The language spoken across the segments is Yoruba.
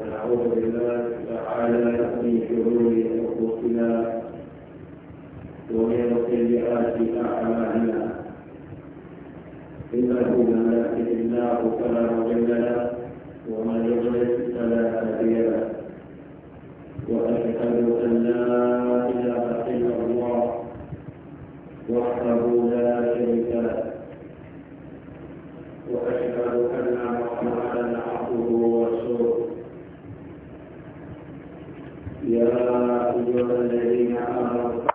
ونعوذ بالله تعالى من شرور انفسنا ومن سيئات اعمالنا انه من الله فلا مضل له ومن يضلل فلا هادي له واشهد ان لا اله الا الله وحده لا شريك له واشهد ان محمدا الذين آمنوا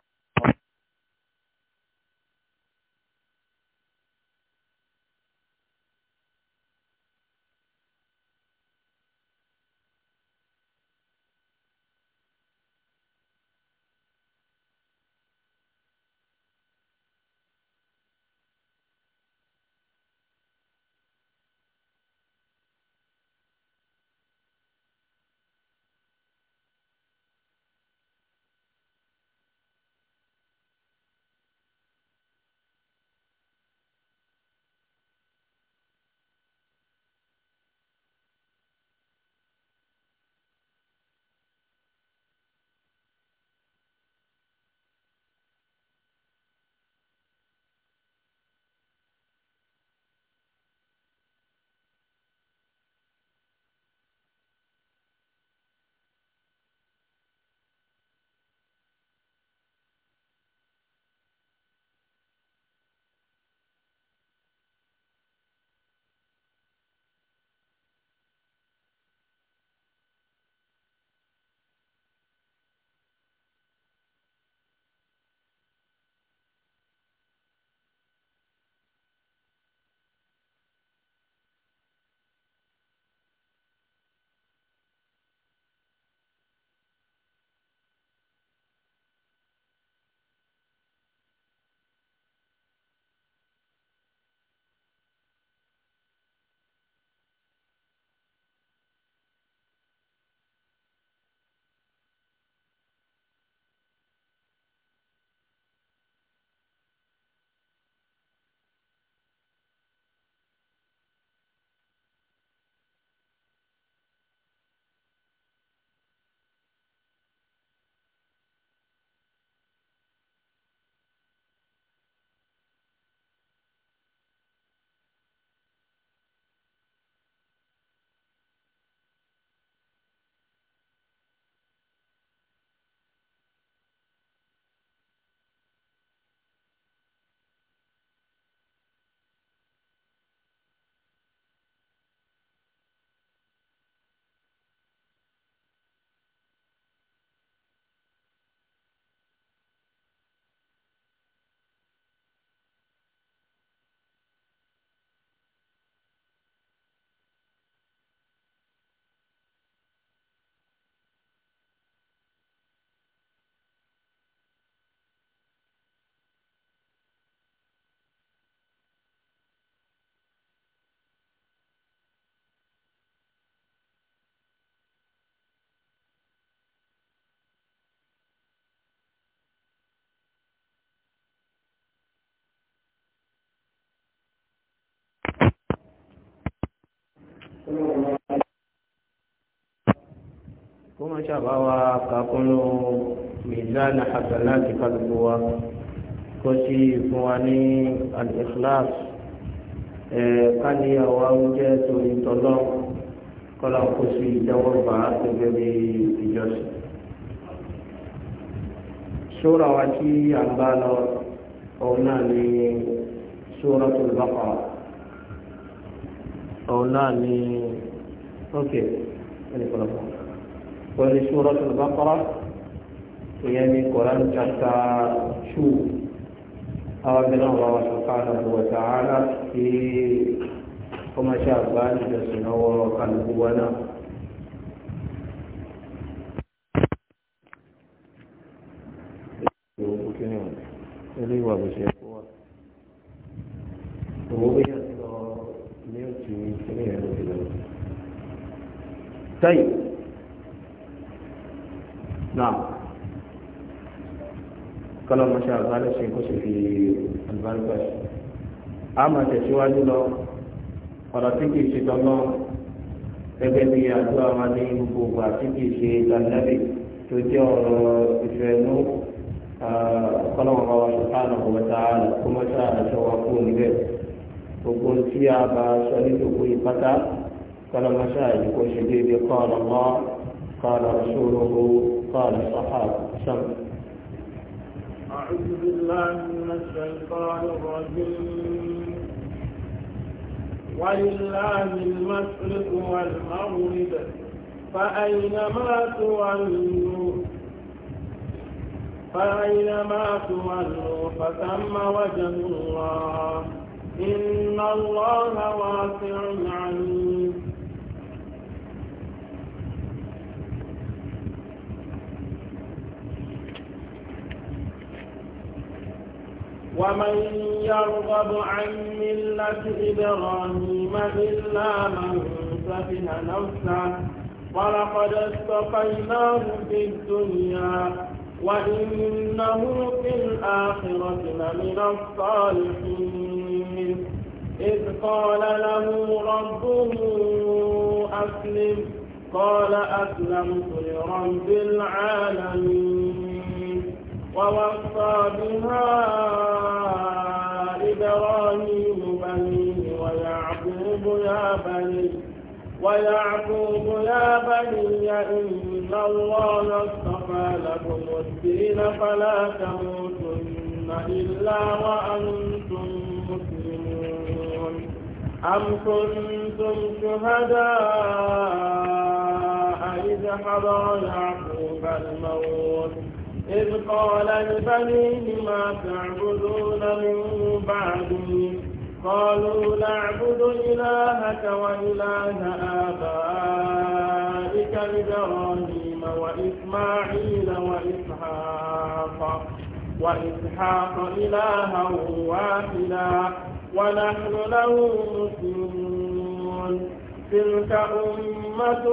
kó má ṣàbá wa kakúnnú mìlánà àgbàlá ti kálukú wa kó sì fún wa ní al-ikhlas káníyà wa ń jẹ́ torí tọ́lọ́ kọ́lá kó sì jẹ́wọ́ bá gẹ́gẹ́ bí ìjọsìn. sóra wa tí à ń bá lọ òun náà ní suratul òun náà ní ókè ẹni kọlọpọ pẹ̀lú Suratul Baqara ìyẹn ní Quran chapter two àwọn bí náà wà wà subhanahu wa ta'ala kí ọmọ ṣe àgbá ìjọsìn lọ́wọ́ kálukú wa ti kíní yẹn ló ti lọ. tẹ́yì náà kọ́lọ́ mọ́ṣẹ́ àgbálẹ̀ ṣe kó sì fi àlùbáríkà ṣe. a máa tẹ̀síwájú lọ ọ̀rọ̀ tí kìí ṣe tọ́lọ́ gẹ́gẹ́ bí àdúrà wa ní gbogbo ìgbà tí kìí ṣe lànàbì tó jẹ́ ọ̀rọ̀ ìfẹ́ nú kọ́lọ́ wọn bá wa tá a kó mọ́ṣẹ́ àṣọ wa kúrò níbẹ̀ gbogbo tí a bá sọ ní gbogbo ìpátá kọlọmọṣá yìí kò ṣe déédéé qala Allah qala rasuluhu qala sahaba. أعوذ بالله من الشيطان الرجيم ولله المشرق والمغرب فأينما تولوا فأينما تولوا فثم وجه الله إن الله واسع عليم ومن يرغب عن ملة إبراهيم إلا من سفه نفسه ولقد استقيناه في الدنيا وإنه في الآخرة لمن الصالحين إذ قال له ربه أسلم قال أسلمت لرب العالمين ووصى بها إبراهيم بنيه ويعقوب يا بني ويعقوب يا بني إن الله اصطفى لكم الدين فلا تموتن إلا وأنتم مسلمون أم كنتم شهداء إذ حضر يعقوب الموت إذ قال لبنيه ما تعبدون من بعدي قالوا نعبد إلهك وإله آبائك إبراهيم وإسماعيل وإسحاق وإسحاق إلها واحدا ونحن له مسلمون تلك أمة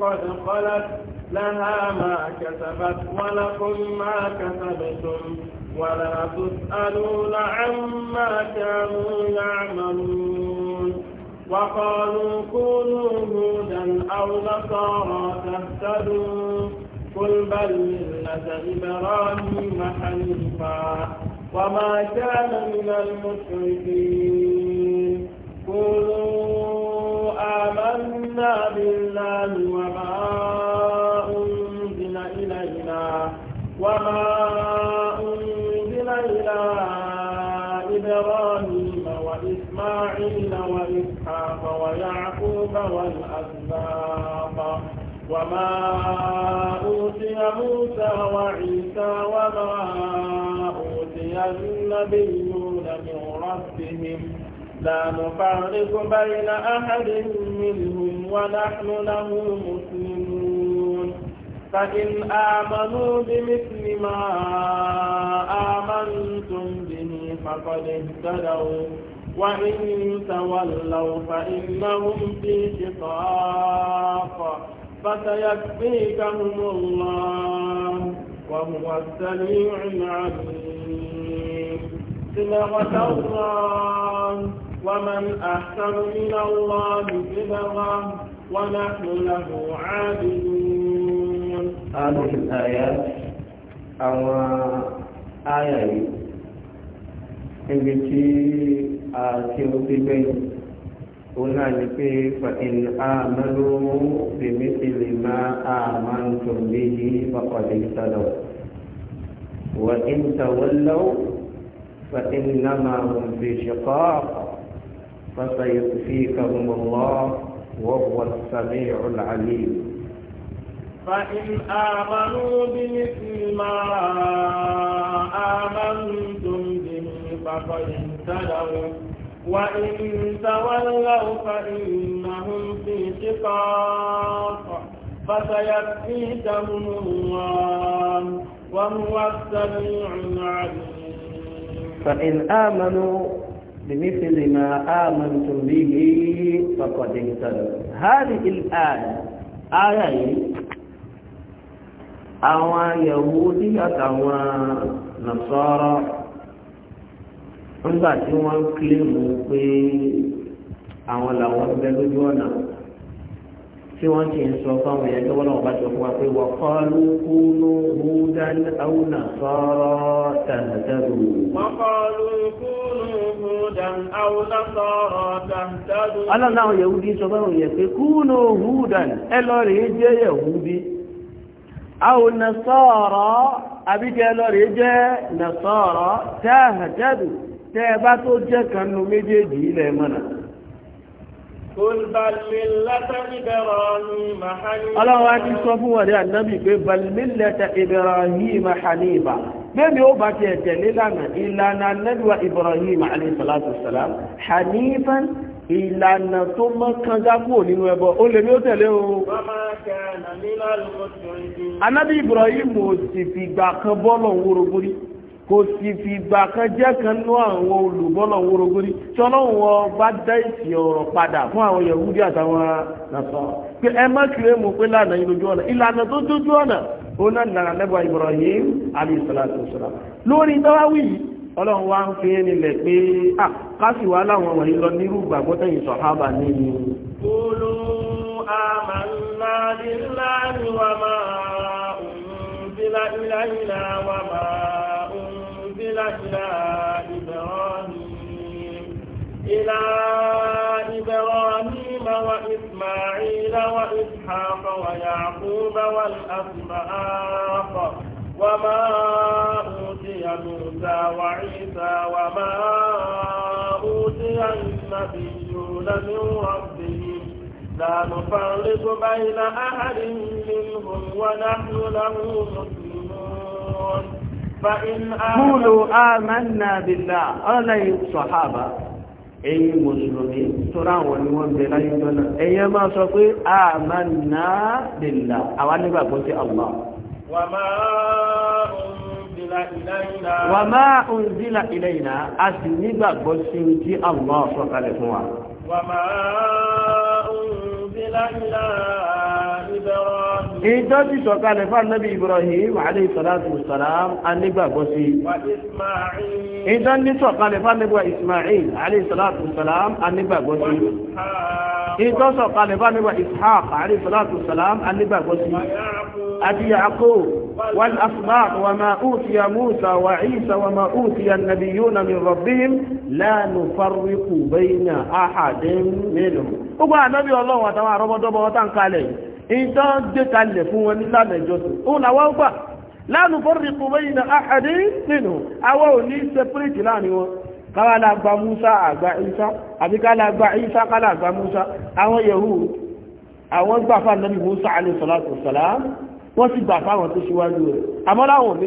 قد خلت لها ما كسبت ولكم ما كسبتم ولا تسألون عما كانوا يعملون وقالوا كونوا هودا أو نصارى تهتدوا قل بل ملة إبراهيم حنيفا وما كان من المشركين قولوا آمنا بالله وما أنزل إلينا وما أنزل إلى إبراهيم وإسماعيل وإسحاق ويعقوب والأسباط وما أوتي موسى وعيسى وما النبيون من ربهم لا نفرق بين أحد منهم ونحن له مسلمون فإن آمنوا بمثل ما آمنتم به فقد اهتدوا وإن تولوا فإنهم في شقاق فسيكفيكهم الله وهو السميع العليم صبغة الله ومن أحسن من الله صبغة ونحن له عابدون هذه الآيات أو آية ibi tí a ti ń fi gbẹ̀yìn òun náà ni pé fàìn àmàlú bèmítìlì máa àmàntòmí yìí bàkọ̀dé sọ̀rọ̀ wà ń tàwọn lọ́wọ́ فإنما هم في شقاق فسيكفيكهم الله وهو السميع العليم فإن آمنوا بمثل ما آمنتم به فقد اهتدوا وإن تولوا فإنهم في شقاق فسيكفيكهم الله وهو السميع العليم فإن آمنوا بمثل ما آمنتم به فقد اهتدوا هذه الآية آية àwọn yahudi àtàwọn nasara nígbà tí wọ́n kílèmù pé àwọn làwọn bẹ lójú ọ̀nà tí wọ́n ti ń sọ fáwọn èèyàn tó wọ́n bá sọ fún wa pé wà kọ́lù kúnú húdán àwùnà sọ́rọ́ tàǹtàrù. wọ́n kọ́lù kúnú húdán àwùnà sọ́rọ́ tàǹtàrù. aláǹdá àwọn yahudi sọ fáwọn èèyàn pé kúnú húdán ẹ lọ rèé jẹ́ yahudi àwùnà sọ́rọ́ àbíkẹ́ lọ rèé jẹ́ nà sọ́rọ́ tàǹtàrù tẹ́ ẹ bá tó jẹ́ kanú méjèèjì ilẹ̀ mọ́nà. Ọlọ́wọ́ ti sọ fún wọn ní ànábì pé Balmílẹ̀ta Ibrahim Hanifa. Bẹ́ẹ̀ni ó bá ti ẹ̀tẹ̀ nílànà ìlànà Nẹ́bíwa Ibrahim Alayhisalatu Salam. Hanifa ìlànà tó mọ́ kanga kúrò nínú ẹbọ. Ó lè ní ó tẹ̀lé o. Anábì Ibrahim ò sì fìgbà kan bọ́ọ̀lọ̀ ń wúro kò sì fi ìgbà kan jẹ́ kan nú àwọn olùbọ́lọ̀ wórógórí tí ọlọ́run bá dá ìsì ọ̀rọ̀ padà fún àwọn yahudi àtàwọn nàṣọ pé ẹ má kiri mu pé lànà yìí ọ̀nà ìlànà tó dójú ọ̀nà òun náà nàrà lẹ́bàá Ibrahim lórí ọlọ́run ń fi pé à kásì láwọn wọ̀nyí lọ nírú ìgbàgbọ́ tẹ̀yìn sọ̀hábà nínú. إلى إبراهيم إلى إبراهيم وإسماعيل وإسحاق ويعقوب والأسباط وما أوتي موسى وعيسى وما أوتي النبيون من ربهم لا نفرق بين أحد منهم ونحن له مسلمون Kúlù àmànà bìlá, ọlọ́yìn sọ̀hábà, ẹ̀yin Mùsùlùmí, tóra wọn ni wọ́n bẹ láyé jọ́nà. Ẹ̀yin máa sọ pé àmànà bìlá, àwa nígbàgbọ́ sí Allah. Wà máa unzila ilayna, a sì nígbàgbọ́ sí tí Allah sọ̀kalẹ̀ fún wa. Wà máa unzila ilayna ìjọ ti sọ̀kalẹ̀ fún anabi ibrahim alayhi salatu wa salam anígbàgbọ́ sí i ìjọ ti sọ̀kalẹ̀ fún anabi ismail alayhi salatu wa salam anígbàgbọ́ sí i ìjọ sọ̀kalẹ̀ fún anabi ishaq alayhi salatu wa salam anígbàgbọ́ sí i àti yaqub wal asbaq wa ma utiya musa wa isa wa ma utiya nabiyuna min rabbihim la nufarriqu bayna ahadin minhum. gbogbo anabi ọlọ́run àtàwọn àrọ́bọ́dọ́bọ́ wọn tán kalẹ̀ ìjọ gbé kalẹ̀ fún wọn nílànà ìjọsìn òun làwọn gbà la nufarriqu bayna ahadin minhum àwọn ò ní sẹpírìtì láàrin wọn káwà lágbà Musa àgbà Isa àbí ká lágbà Isa ká lágbà Musa àwọn Yahud àwọn gbà fún Ànábì Musa alayhi salatu wassalam wọ́n sì gbà fáwọn tó ṣíwájú rẹ̀ àmọ́ láwọn òní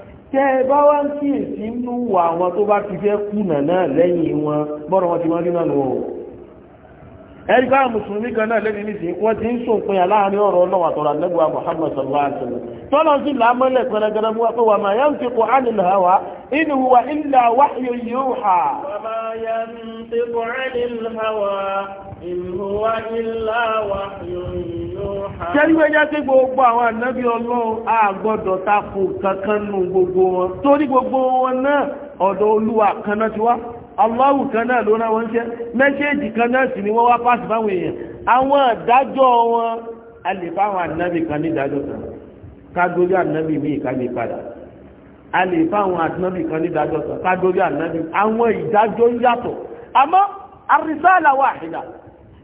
tẹ́ ẹ bá wá ń kíyèsí nínú wà àwọn tó bá ti fẹ́ kùnà náà lẹ́yìn wọn bọ́rọ̀ wọn ti wọ́n rí náà lọ ẹ̀rí bá mùsùlùmí kan náà lẹ́ni ní sìn wọ́n ti ń sòpin aláàárín ọ̀rọ̀ ọlọ́wà tọ́ra lẹ́gbàá sallallahu alaihi tọ́lọ́ sí mú wà máa ń ánì inú wa ilẹ̀ wáyé yóò hà. wà máa ń Ṣẹ́rígbé jẹ́ sí gbogbo àwọn ànábí ọlọ́run àgbọ́dọ̀ takò kankan nù gbogbo wọn. Torí gbogbo wọn náà ọ̀dọ̀ olúwa kan náà ti wá. Allahu kan náà ló rán wọn ṣẹ́. Mẹ́ṣẹ́jì kan náà sì ni wọ́n wá pàṣẹ báwọn èèyàn. Àwọn ìdájọ́ wọn a lè fáwọn ànábì kan ní ìdájọ́ kan. Kágórí ànábì míì ká lè padà. A lè fáwọn ànábì kan ní ìdájọ́ kan. Kágórí ànábì. Àwọn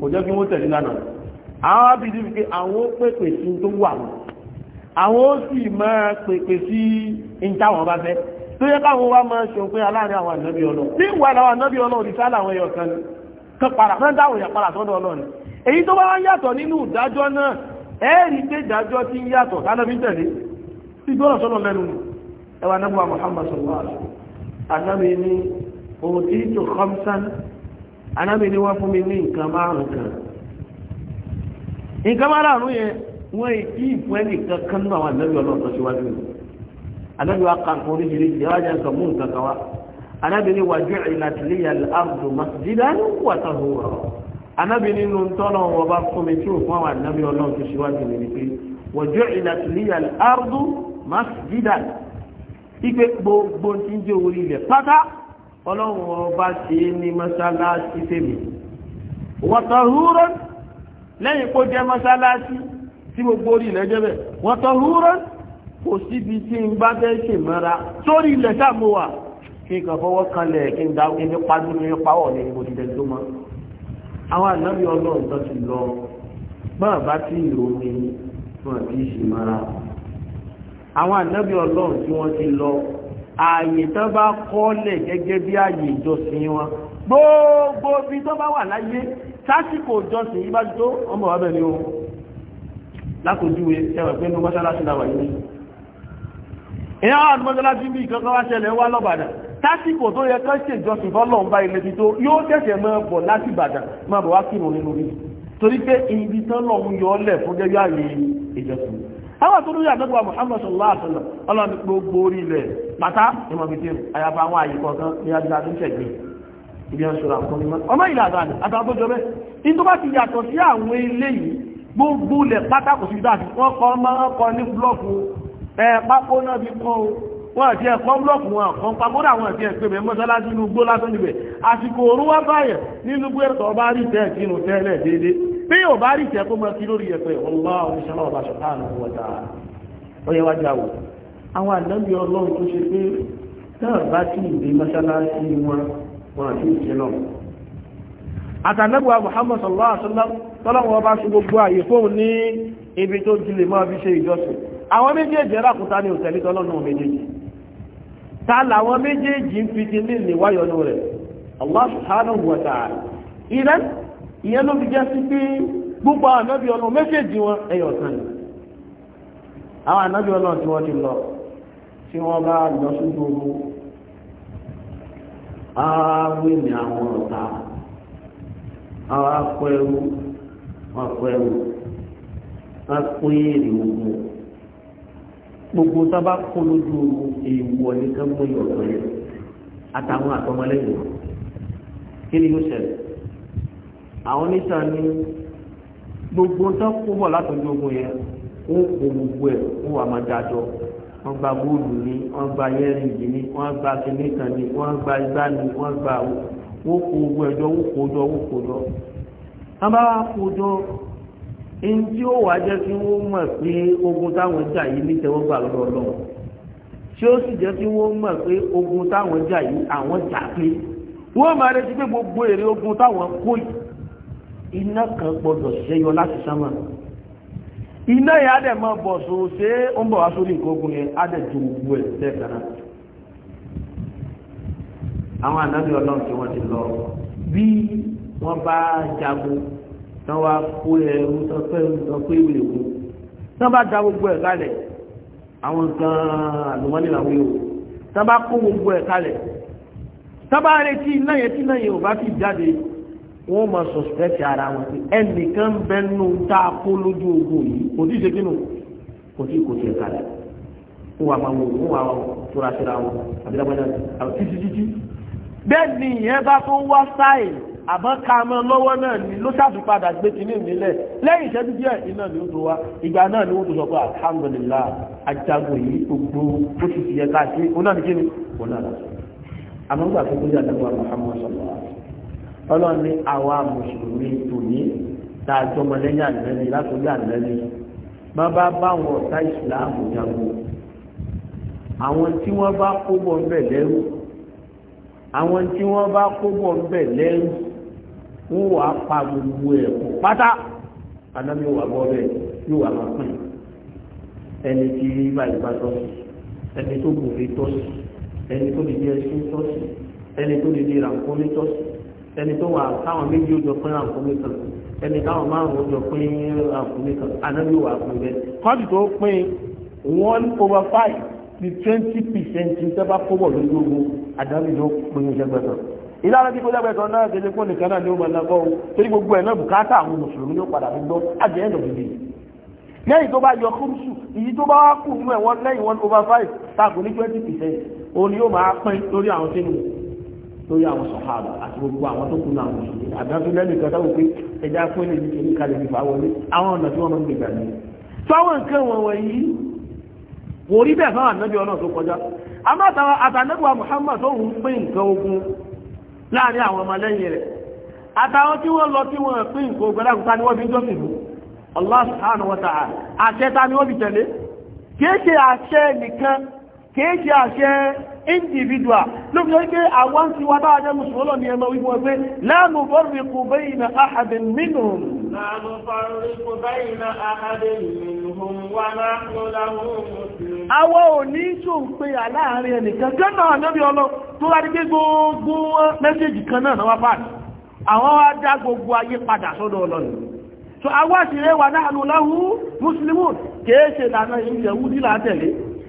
kò jẹ́ kí wọ́n tẹ̀lé lánàá àwọn abìdí fi pé àwọn ó pèpè sí tó wà wọn àwọn ó sì máa pèpè sí ìtawọ̀n bá fẹ́ tó yẹ káwọn wá máa ṣe òpin aláàrin àwọn ànábì ọlọ́run bí ìwà àwọn ànábì ọlọ́run òdì sálà àwọn ẹyọ kan kan padà fẹ́ dáwọn èèyàn padà sọ́dọ̀ ọlọ́run èyí tó bá wá yàtọ̀ nínú ìdájọ́ náà ẹ̀ẹ́rì pé ìdájọ́ ti anábì ni wọ́n fún mi ní nǹkan márùn kan nǹkan márùn yẹn wọ́n ìdí ìfún ẹnì kankan náà wà lẹ́yìn ọlọ́run tó ṣíwájú rẹ̀ anábì wa kan kan oríṣiríṣi ẹwà jẹ́ nǹkan mú nǹkan kan wá anábì ni wàjú ìlàtìlíyà al-ardu masjidan wa tahura anábì nínú tọ́lọ̀ wọn bá fún mi tí ò àwọn anábì ọlọ́run tó rẹ̀ ni pé wàjú ìlàtìlíyà al-ardu masjidan ipe gbogbo tí ń jẹ́ orí ilẹ̀ pátá ọlọ́run ọba ṣe é ní mọ́sálásí fèmí wọ́tọ̀húrọ́ lẹ́yìn kó jẹ́ mọ́sálásí tí gbogbo orí ilẹ̀ jẹ́ bẹ̀ wọ́tọ̀húrọ́ kò síbi tí ń bá fẹ́ ṣe mọ́ra sórí ilẹ̀ sáàmù wà kí n kàn fọwọ́ kanlẹ̀ kí n da kí pàdé ní pàwọ̀ ní ibo tó mọ́ àwọn ànábì ọlọ́run tó ti lọ báwọn bá ti ìròyìn wọn kì í àwọn ànábì ọlọ́run tí wọ́n ti lọ ààyè tó bá kọ́lẹ̀ gẹ́gẹ́ bí ààyè ìjọsìn wọn gbogbo bí tó bá wà láyé sásìkò ìjọsìn yìí bá ti ọmọ wa bẹ̀ ni o lákòójúwe ẹwẹ̀ pé ní mọ́ṣáláṣí la wà yìí ìyá àwọn mọ́ṣáláṣí bí ìkankan wá ṣẹlẹ̀ wá lọ́bàdàn sásìkò tó yẹ kán ṣèjọsìn fọ́lọ́ ń bá ilé ti tó yóò tẹ̀sẹ̀ mọ́ bọ̀ láti Ìbàdàn máa bọ̀ wá kírun nínú àwọn tó lórí àdọ́gbà Muhammad sallallahu alaihi wasallam ọlọ́run gbogbo orí ilẹ̀ pátá ìmọ̀bìtì àyàfà àwọn àyè kọ̀ọ̀kan ní adúlá tó ń tẹ̀gbìn ibi ọ̀ṣọ́ra kan ní ọmọ ìlà àdáni àtàwọn tó jọ bẹ́ẹ̀ ní tó bá ti yàtọ̀ wọn àti ẹ̀kọ́ blọ́ọ̀kù wọn àkọ́ pàkódà wọn àti ẹ̀pẹ́ mẹ́ mọ́sálásí inú gbó lásán níbẹ̀ àsìkò òru wá báyẹ̀ nínú gbé ẹ̀tọ́ bá rí tẹ́ kínú tẹ́lẹ̀ déédé bí yóò bá rí tẹ́ kó mọ́ kí lórí ẹ̀pẹ́ ọlọ́ọ̀ṣọ́lọ́ àwọn méjèèjì ẹ̀rọ àkúta ní òtẹ̀lítọ́lọ́nà méjèèjì ta làwọn méjèèjì ń fi ti ní ìníwáyọ̀nù rẹ̀ Allah subhanahu wa ta'ala ìrẹ́ ìyẹn ló fi jẹ́ sí pé gbogbo àwọn ànábì ọlọ́run méjèèjì wọn ẹyọ kan ni àwọn ànábì ọlọ́run tí wọ́n ti lọ tí wọ́n bá lọ sí gbogbo àwọn ènìyàn àwọn ọ̀tá àwọn akọ ẹrú wọn akọ ẹrú wọn akọ èrè ogun gbogbo sábà kó lójú èèwọ̀ nìkan mú ìyọ̀tọ̀ yẹn àtàwọn àtọmọlẹ́yìn kí ni yóò ṣẹlẹ̀ àwọn oníṣà ní gbogbo tó kó bọ̀ látọjú ogun yẹn wọn kò gbogbo ẹ̀ wọn wà máa dájọ́ wọn gba góòlù ni wọn gba yẹ́rì yìí ni wọn gba kìnnìkan ni wọn gba igbá ni wọn gba wọn kó gbogbo ẹ̀jọ́ wọn kó jọ wọn kó jọ. tábà kó jọ in tí ó wà jẹ́ kí wọ́n mọ̀ pé ogun táwọn jà yìí nítẹ̀wọ́gbà lọ́dọ̀ ọlọ́run tí ó sì jẹ́ kí wọ́n mọ̀ pé ogun táwọn jà yìí àwọn jà pé wọ́n máa retí pé gbogbo èrè ogun táwọn kó yìí iná kan gbọdọ̀ ṣẹyọ láti sánmà iná yẹn á dẹ̀ máa bọ̀ so ṣé ó ń bọ̀ wá sórí nǹkan ogun yẹn á dẹ̀ ju gbogbo ẹ̀ lẹ́ẹ̀kan náà àwọn ànábì ọlọ́run tí wọ́n ti lọ bí wọ́n bá jagun tán wá kó ẹrú tán fẹ́ tán kó ìwé ìwé tán bá da gbogbo ẹ̀ kalẹ̀ àwọn nǹkan àlùmọ́nì làwọn yòó tán bá kó gbogbo ẹ̀ kalẹ̀ tán bá retí iná yẹn tí iná yẹn ò bá fi jáde wọ́n máa sọ̀spẹ́tì ara wọn pé ẹnìkan bẹ́nu tá a kó lójú ogun yìí kò tí ì ṣe kínú kò tí ì kò tiẹ̀ kalẹ̀ wọ́n wà máa wò wọ́n wà tóra síra wọn àbí lágbájá títí títí bẹ́ẹ̀ ni ìyẹn bá tó wá sáì àmọ́ ká mọ́ lọ́wọ́ náà ni ló ṣáàtú padà gbé kínní nílẹ̀ lẹ́yìn ìṣẹ́jú díẹ̀ iná ni ó tó wá ìgbà náà ni ó tó sọ pé alhamdulillah ajagun yìí gbogbo bó ti fìyẹ ká ṣe ó náà ní kíni kò náà lọ. àmọ́ gbà tó kó yàtọ̀ wa Muhammad sọ̀rọ̀ ọlọ́run ní àwa mùsùlùmí tòní tá a jọmọ lẹ́yìn àlẹ́ni látòlí àlẹ́ni má bá báwọn ọ̀tá ìsìláàmù jagun àwọn tí wọ́n bá kó bọ̀ ń bẹ̀ lẹ́rù àwọn tí wọ́n bá kó bọ̀ ń bẹ̀ lẹ́rù ń wà á pa gbogbo ẹ̀ kó pátá anábì wà bọ́ bẹ́ẹ̀ yóò wà máa pín ẹni tí báyìí bá tọ́ sí ẹni tó gòkè tọ́ sí ẹni tó lè jẹ ẹṣin tọ́ sí ẹni tó lè jẹ ràǹkómi tọ́ sí ẹni tó wà táwọn méjì ó jọ pín ràǹkómi kan ẹni táwọn márùn ó jọ pín ràǹkómi kan anábì wà pín bẹ́ẹ̀ kọ́ọ̀tù tó pín one over five ní twenty percent ní sábà kó bọ̀ lójú ogun adábì ló pín ìṣẹ́gbẹ̀sán ìlànà tí kò lẹ́gbẹ̀ẹ́sọ náà tẹ́lẹ̀ fún nìkan náà ní ọmọ ẹ̀lẹ́gbọ́ torí gbogbo ẹ̀ náà bùkátà àwọn mùsùlùmí ló padà fi gbọ́ àjẹ́ ẹ̀nà òdìdì lẹ́yìn tó bá yọ kúrúsù èyí tó bá kù mú ẹ̀ lẹ́yìn one over five tààkù ní twenty percent òun ni yóò máa pín lórí àwọn sínú lórí àwọn sọ̀hábà àti gbogbo àwọn tó kù náà wọ̀ sí àdáńtó lẹ́yìn kan táwọn pé ẹja fún ilé yìí kìíní kalẹ̀ nípa wọlé àwọn ọ̀nà tí wọ́n máa ń gbègbà ní. fáwọn nǹkan wọn wọ̀nyí wò rí bẹ́ẹ̀ fáwọn ànábì láàrin àwọn ọmọlẹ́yìn rẹ̀ àtàwọn tí wọ́n lọ tí wọ́n pín nǹkan ògbẹ́lá kúta ni wọ́n fi jọ́sìn fún Allah subhanahu wa ta'ala àṣẹ ta ni wọ́n fi tẹ̀lé kéèké àṣẹ nìkan kéèkì àṣẹ individual ló fi wípé àwọn tí wá dáadẹ́ mùsùlùmí ní ẹmọ wípé wọ́n pé la nufarriqu bayna ahadin minhum la nufarriqu bayna ahadin minhum wa nahnu lahu muslimun àwọn ò ní tó ń pè àláàrin ẹnìkan gánà ànábì ọlọ́ tó rádi pé gbogbo mẹ́sẹ̀jì kan náà wá pàdé àwọn wá dá gbogbo ayé padà sọ́dọ̀ ọlọ́ni so àwọn àṣìrẹ́ wa nahnu lahu muslimun kéèṣe lànà ìjẹ̀wú nílà tẹ̀lé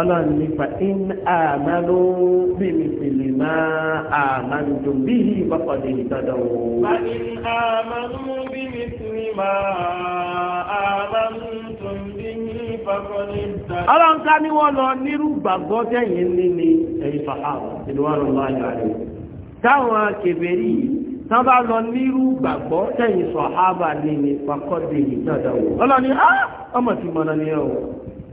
ọlọ́run nípa in àmàlú bíbí ìpìlì máa àmàlú tó bí ìbọ́kọ̀dé ìtọ́dọ̀ wò. bá in àmàlú bíbí ìpìlì máa àmàlú tó bí ìbọ́kọ̀dé ìtọ́dọ̀. ọlọ́run ká ní wọ́n lọ nírú gbàgbọ́ tẹ̀yìn ní ní ẹ̀yìn fàhàwọ̀ ìlú wa lọ́wọ́ ayọ̀ rẹ̀. táwọn kèbèrè tán bá lọ nírú gbàgbọ́ tẹ̀yìn sọ̀hábà ní ní ìbọ́kọ̀dé ìtọ́dọ̀ wò. ọlọ́run ní ah,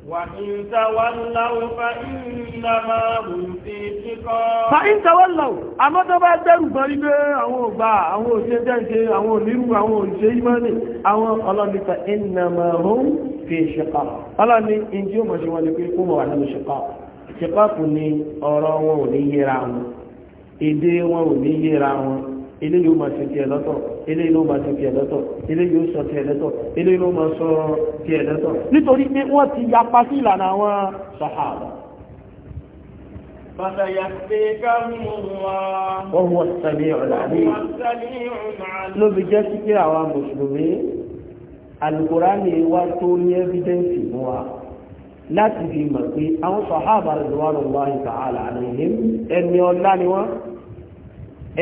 وإن تولوا فإنما هم في شقاق فإن تولوا àmọ́ tó bá dẹ́rù bọ́ nígbé àwọn ògbà àwọn òṣèṣẹ́ ṣe àwọn onírú àwọn òṣèṣẹ́ ìmọ́ni àwọn ọlọ́nìfà إنما هم في شقاق ọlọ́ni ìjí ó mọ̀ sí wọn ni pé kó wà nínú ṣẹ̀kọ́ ṣẹ̀kọ́ kù ni ọ̀rọ̀ wọn ò ní yẹra wọn èdè wọn ò ní yẹra wọn ilé yóò máa ṣe ti ẹ̀lọ́tọ̀ ilé yóò máa ṣe ti ẹ̀lọ́tọ̀ ilé yóò sọ ti ẹ̀lọ́tọ̀ ilé yóò máa sọ ti ẹ̀lọ́tọ̀ nítorí pé wọ́n ti yapa sí ìlànà àwọn sàhàbà Ọwọ́ sàbí ọ̀làrí ló fi jẹ́ wá tó ní ẹ́fídẹ́ǹsì fún wa láti fi mọ̀ pé àwọn sàhábà rẹ̀ lọ́wọ́ lọ́wọ́ ìtàhálà àrẹ̀ ẹni ọlá ni wọ́n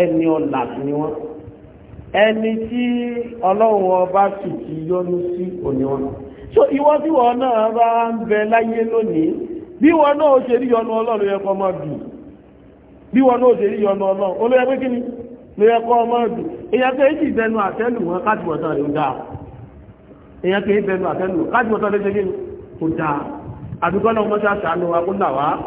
ẹni ọ̀là ni wọn ẹni tí ọlọ́run ọba sì ti yọ́nú sí òní wọn so ìwọ tí wọn náà bá ń bẹ láyé lónìí bí wọn náà ó ṣe rí yọ́nú ọlọ́run yẹ kọ́ máa bì bí wọn náà ó ṣe rí yọ́nú ọlọ́run pé kí ni ló yẹ kọ́ máa wọn dáa ṣe kí ni dáa náà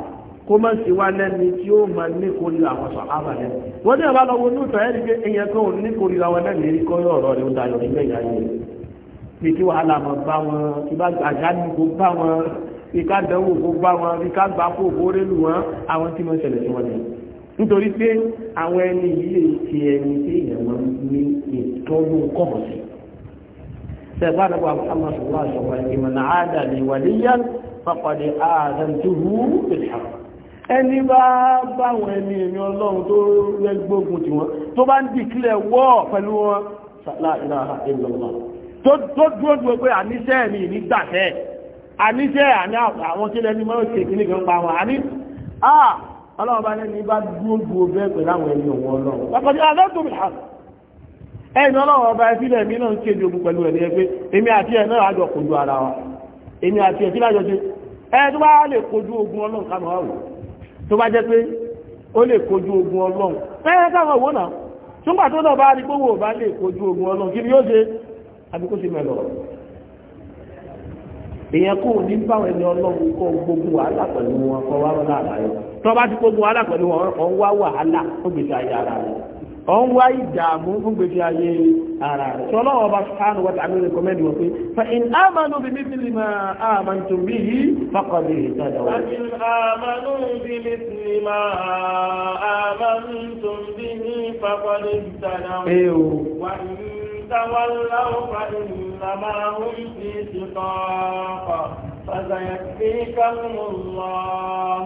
kó mọ̀ sí wá lẹ́ni tí ó mọ̀ ní kórìíra àwọn sàhábà lẹ́nu wọ́n ní àbá lọ́wọ́ ní ìtàn ẹ̀rí pé èèyàn kan ò ní kórìíra wọn lẹ́nu èrí kọ́ ọ̀rọ̀ rẹ̀ ó dayọ̀ nígbẹ̀ ìyá yìí pé kí wàhálà mọ̀ bá wọn kí bá àjálù kó bá wọn kí ká dánwò kó bá wọn kí ká gbà kó kó rélù wọn àwọn tí mo ṣẹlẹ̀ sí wọn ni nítorí pé àwọn ẹni yìí lè ti ẹni tí èèyàn máa ní ìtọ́jú kọ̀ọ̀ sí sẹ́gbà nípa àmọ́ sọ̀rọ̀ ẹni bá báwọn ẹni èmi ọlọ́run tó rẹ gbógun tí wọ́n tó bá ń dìkílẹ̀ wọ́ pẹ̀lú wọn láìláha ìlọ́lá tó dúró dúró pé àníṣẹ́ mi nígbàṣẹ́ àníṣẹ́ àní àwọn tí lẹ́ni máa ń ṣe kan pa wọn àní à ọlọ́run bá lẹ́ni bá tó bá jẹ́ pé ó lè kojú ogun ọlọ́run ẹ́yẹ́ káwọn owó náà túnbà tó náà bá rí pé wò bá lè kojú ogun ọlọ́run kí ni yóò ṣe àbíkó sí mẹ́lọ èèyàn kò ní báwọn ẹni ọlọ́run kọ gbogbo wàhálà pẹ̀lú wọn kọ wá wàhálà rẹ̀ tó bá ti gbogbo wàhálà pẹ̀lú wọn kọ wá wàhálà ó gbèsè ayé ara rẹ̀ ọ ń wá ìdààmú fún gbèsè ayé ara rẹ̀ tí ọlọ́wọ́ ọba sùpánù wọ́n tàbí rẹ̀ wọ́n pé fa in amanu bi mithli ma amantu bihi faqad ihtadaw. fa amanu bi mithli ma amantu bihi faqad ihtadaw. ee o. wa in tawallaw fa innama hum fi Allah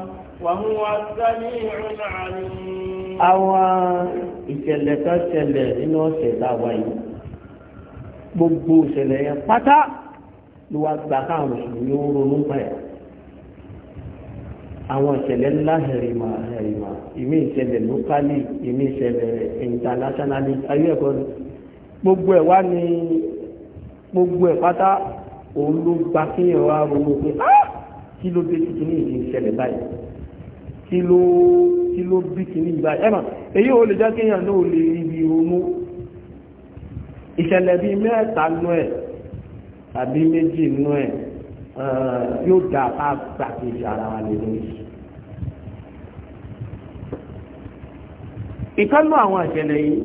àwọn ìṣẹ̀lẹ̀ kan ṣẹlẹ̀ nínú ọ̀sẹ̀ láwa yìí gbogbo ìṣẹ̀lẹ̀ yẹn pátá ló wá gbà káwọn mùsùlùmí ó ronú báyà àwọn ìṣẹ̀lẹ̀ ńlá hẹ̀rìmà hẹ̀rìmà ìmí ìṣẹ̀lẹ̀ lókálì ìmí ìṣẹ̀lẹ̀ internationally ayé ẹ̀kọ́ ni gbogbo ẹ̀ wá ní gbogbo ẹ̀ pátá òun ló gbà kéèyàn wá ronú pé ah! kí ló dé tuntun ní ìṣẹ̀lẹ̀ báyìí kí ló kí ló bí kì ní ìgbà ẹ̀mà èyí ò lè jẹ́ kí èèyàn náà lè ibi ronú ìṣẹ̀lẹ̀ bíi mẹ́ta nú ẹ̀ tàbí méjì nú ẹ̀ yóò dá a gbà kejì ara wa lè lórí. ìkánú àwọn ìṣẹ̀lẹ̀ yìí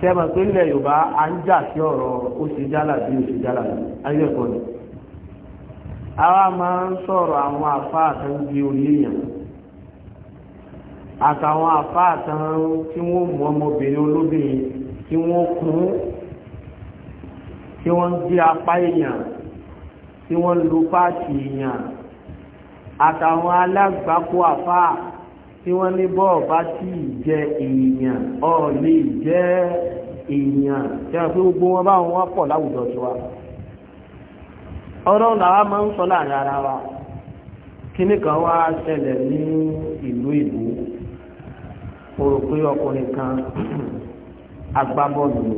tẹ́mọ̀ pé nílẹ̀ Yorùbá à ń jà sí ọ̀rọ̀ ó ṣe jálà bí ó ṣe jálà ayé ẹ̀kọ́ ni àwa máa ń sọ̀rọ̀ àwọn àfáà tó ń di orí èèyàn àtàwọn àfáà tán tí wọ́n mú ọmọbìnrin olóbìnrin tí wọ́n kún tí wọ́n ń gbé apá èèyàn tí wọ́n ń lo páàkì èèyàn àtàwọn alágbàkó àfáà tí wọ́n ní bọ́ọ̀ tí jẹ èèyàn ọ̀ lè jẹ́ èèyàn tí wọ́n fi gbogbo wọn báwọn wọ́n pọ̀ láwùjọ tiwa ọ̀rọ̀ làwa máa ń sọ láàrin ara wa kíní kan wá ṣẹlẹ̀ ní ìlú ìlú mo rò pé ọkùnrin kan agbábọ́ọ̀lù ni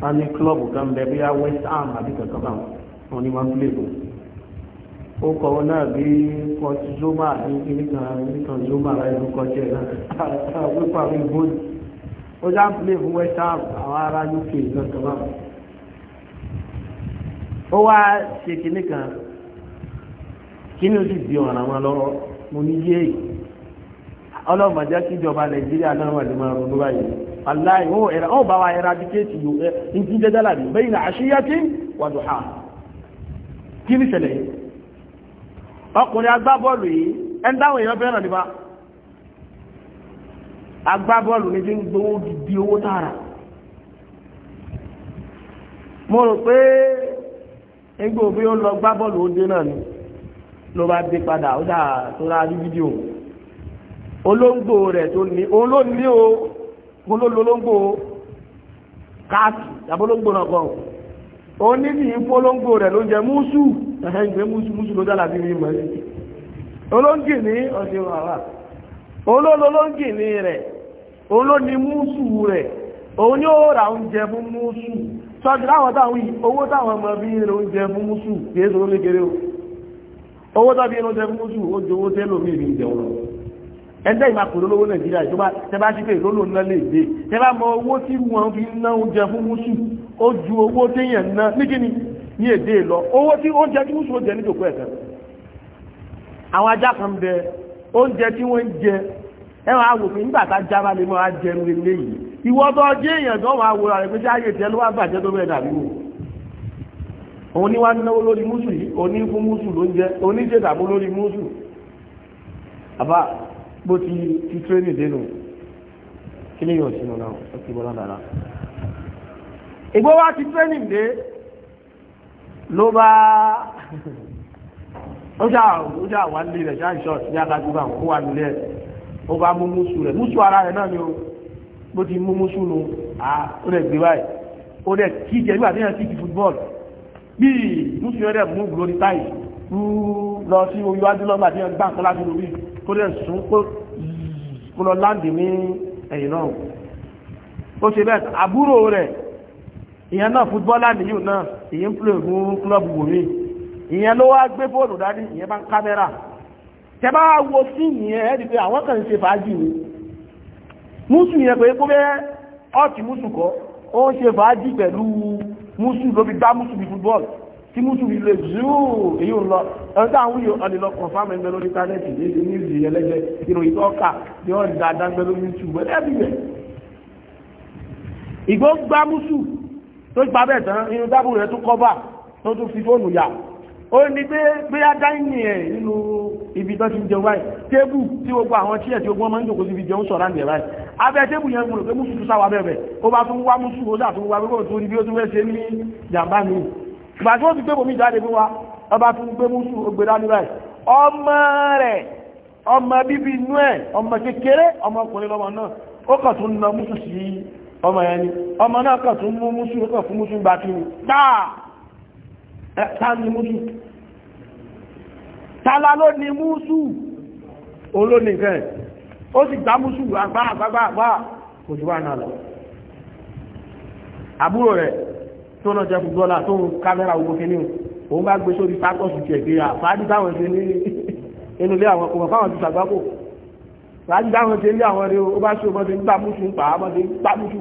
wọ́n ní kílọ̀bù kan bẹ bíyá West Ham àbí kankan kan wọn ni wọ́n ń bò ó kọ wọn náà bí kọtí zoma ní kíní kan nìkan zoma láì ló kọjú ẹ̀ náà wípé àwọn ìbò ó já ń lè fún West Ham àwọn ará UK náà kan náà ó wá ṣe kinní kan kíní ó sì di ọ̀ràn wọn lọ́wọ́ mo ní yé ọlọ́mọdé kíjọba nàìjíríà náà wà ní máa ronú báyìí aláì ó ẹ̀rọ ó bá wa eradicate yóò ẹ ní ti jẹ́ dálà ní bẹ́yìn àṣíyájí wà dùhà kí ni ṣẹlẹ̀ ọkùnrin agbábọ́ọ̀lù yìí ẹn dáwọn èèyàn fẹ́ràn nípa agbábọ́ọ̀lù ní ti ń gbowó gidi owó tààrà mo rò pé nígbà òbí ó lọ gbá bọ́ọ̀lù ó dé náà ni ló bá dé padà ó dà tó rà rí fídíò olóńgbò rẹ̀ tó ní olóńgbò o olólóńgbò o káàkì àbólóńgbò náà kọ́ ó ní ní ìpolóńgbò rẹ̀ ló ń jẹ múùsù ẹ̀hẹ́ ìgbé múùsù múùsù ló dára bíbí mọ́ ní olóńgì ní ọ̀sẹ̀ wàwà olólóńgì ní rẹ̀ olóní múùsù rẹ̀ òun yóò ra oúnjẹ fún múùsù sọ́jú láwọn táwọn owó táwọn ọmọ bí irun oúnjẹ fún mùsù kìí sọ lé kéré o owó tàbí irun oúnjẹ fún mùsù ó ju owó tẹ́lò mí ìrìn jẹun lọ ẹgbẹ́ ìmàkùnrin olówó nàìjíríà ìjọba tẹ́bá sí pé ìrólò ńlá lè dé tẹ́bá mọ owó tí wọ́n fi ná oúnjẹ fún mùsù ó ju owó téèyàn ná ní kíni ní èdè lọ owó tí oúnjẹ tí mùsù ó jẹ níjòkó ẹ̀kan àwọn ajá kan bẹ oúnjẹ tí wọ́n ń jẹ ẹ̀wọ̀n àwòfin nígbà tá a já balẹ̀ mọ́ ajẹun eléyìí ìwọ tó jẹ́ èèyàn tó wà wòrà rẹ̀ pé tí ayé tẹ́ ló wá bàjẹ́ tó bẹ̀rẹ̀ dàbí wò òun ní wá náwó lórí mùsù yìí òní fún mùsù ló ń jẹ òní jẹ dààmú lórí mùsù àbá bó ti ti tírénì dénú kí ni yóò sínú náà ó ti bọ́lá dára ìgbó wá ti tírénì dé ló bá ó ṣáà wà nílé rẹ̀ ṣáà ìṣọ́ọ̀tì ní adájú bá ń kó wà nílé ẹ̀ ó bá mú mùsù rẹ̀ mùsù ara rẹ̀ náà ni ó bó ti mú mọ́sùn nù ó dẹ̀ gbé o ó dẹ̀ kí jẹ́ nígbà tí wọ́n ti kí football bí mùsùlùmí rẹ̀ mú glory tie lọ sí oyún adúlọ́gbà tí wọ́n gbà ń kọ́ láti lórí kó dẹ̀ sún kó lọ láǹdì ní ẹ̀yìn náà o ṣe bẹ́ẹ̀ àbúrò rẹ̀ ìyẹn náà footballer nìyí náà èyí ń play fún club wòmí ìyẹn ló wá gbé bóòlù dání ìyẹn bá ń kámẹ́rà tẹ́ bá wo sí ìyẹn ẹ́ múùsù yẹn pé kó bẹ́ẹ̀ ọ̀tí múùsù kọ́ ó ń ṣe fàájì pẹ̀lú múùsù ló fi gbá múùsù bí fútbọ́ọ̀lù tí múùsù fi lè zúù èyí ò lọ ẹni tí àwọn yóò ọ̀nì lọ confam ẹgbẹ́ lórí tánẹ́tì ní ìlú ìlú ẹlẹ́gbẹ́ ìròyìn ó ní pé pé adáìní ẹ̀ nínú ibi tó ti ń jẹun báyìí tébù tí gbogbo àwọn tíyẹ̀ tí gbogbo máa ń jòkó síbi jẹun sọ̀rọ̀ àǹdẹ̀ báyìí abẹ́ tébù yẹn mo rò pé mùsùlùmí sáwà bẹ̀rẹ̀ ó bá tún wá mùsùlùmí ó dà tún wá gbogbo tó ní bí ó tún fẹ́ ní jàǹbá mi ìgbà tí ó ti gbé bòmí jáde fún wa ọba tún gbé mùsùlùmí ó gbé dání báyìí ọmọ rẹ̀ ọmọ bíbí inú ẹ̀ ọmọ kékeré ọmọkùnrin lọmọ náà ó kàn tún na mùsùlùmí ta ni múṣù tala ló ni múṣù òun ló ní nǹkan ẹ̀ ó sì gbá múṣù àgbá àgbá àgbá kò jù wá náà lọ àbúrò rẹ̀ tó náà jẹ́ fúgbọ́lá tó ń kámẹ́rà ogun kìíní òun bá gbé sórí pátọ́sù tiẹ̀ pé àfáàdì táwọn ṣe ní inú ilé àwọn ọmọ fáwọn ti ṣàgbákò fàájì táwọn ṣe ní àwọn rẹ̀ ó bá ṣe ọmọdé ń gbá múṣù ń pa ọmọdé ń gbá múṣù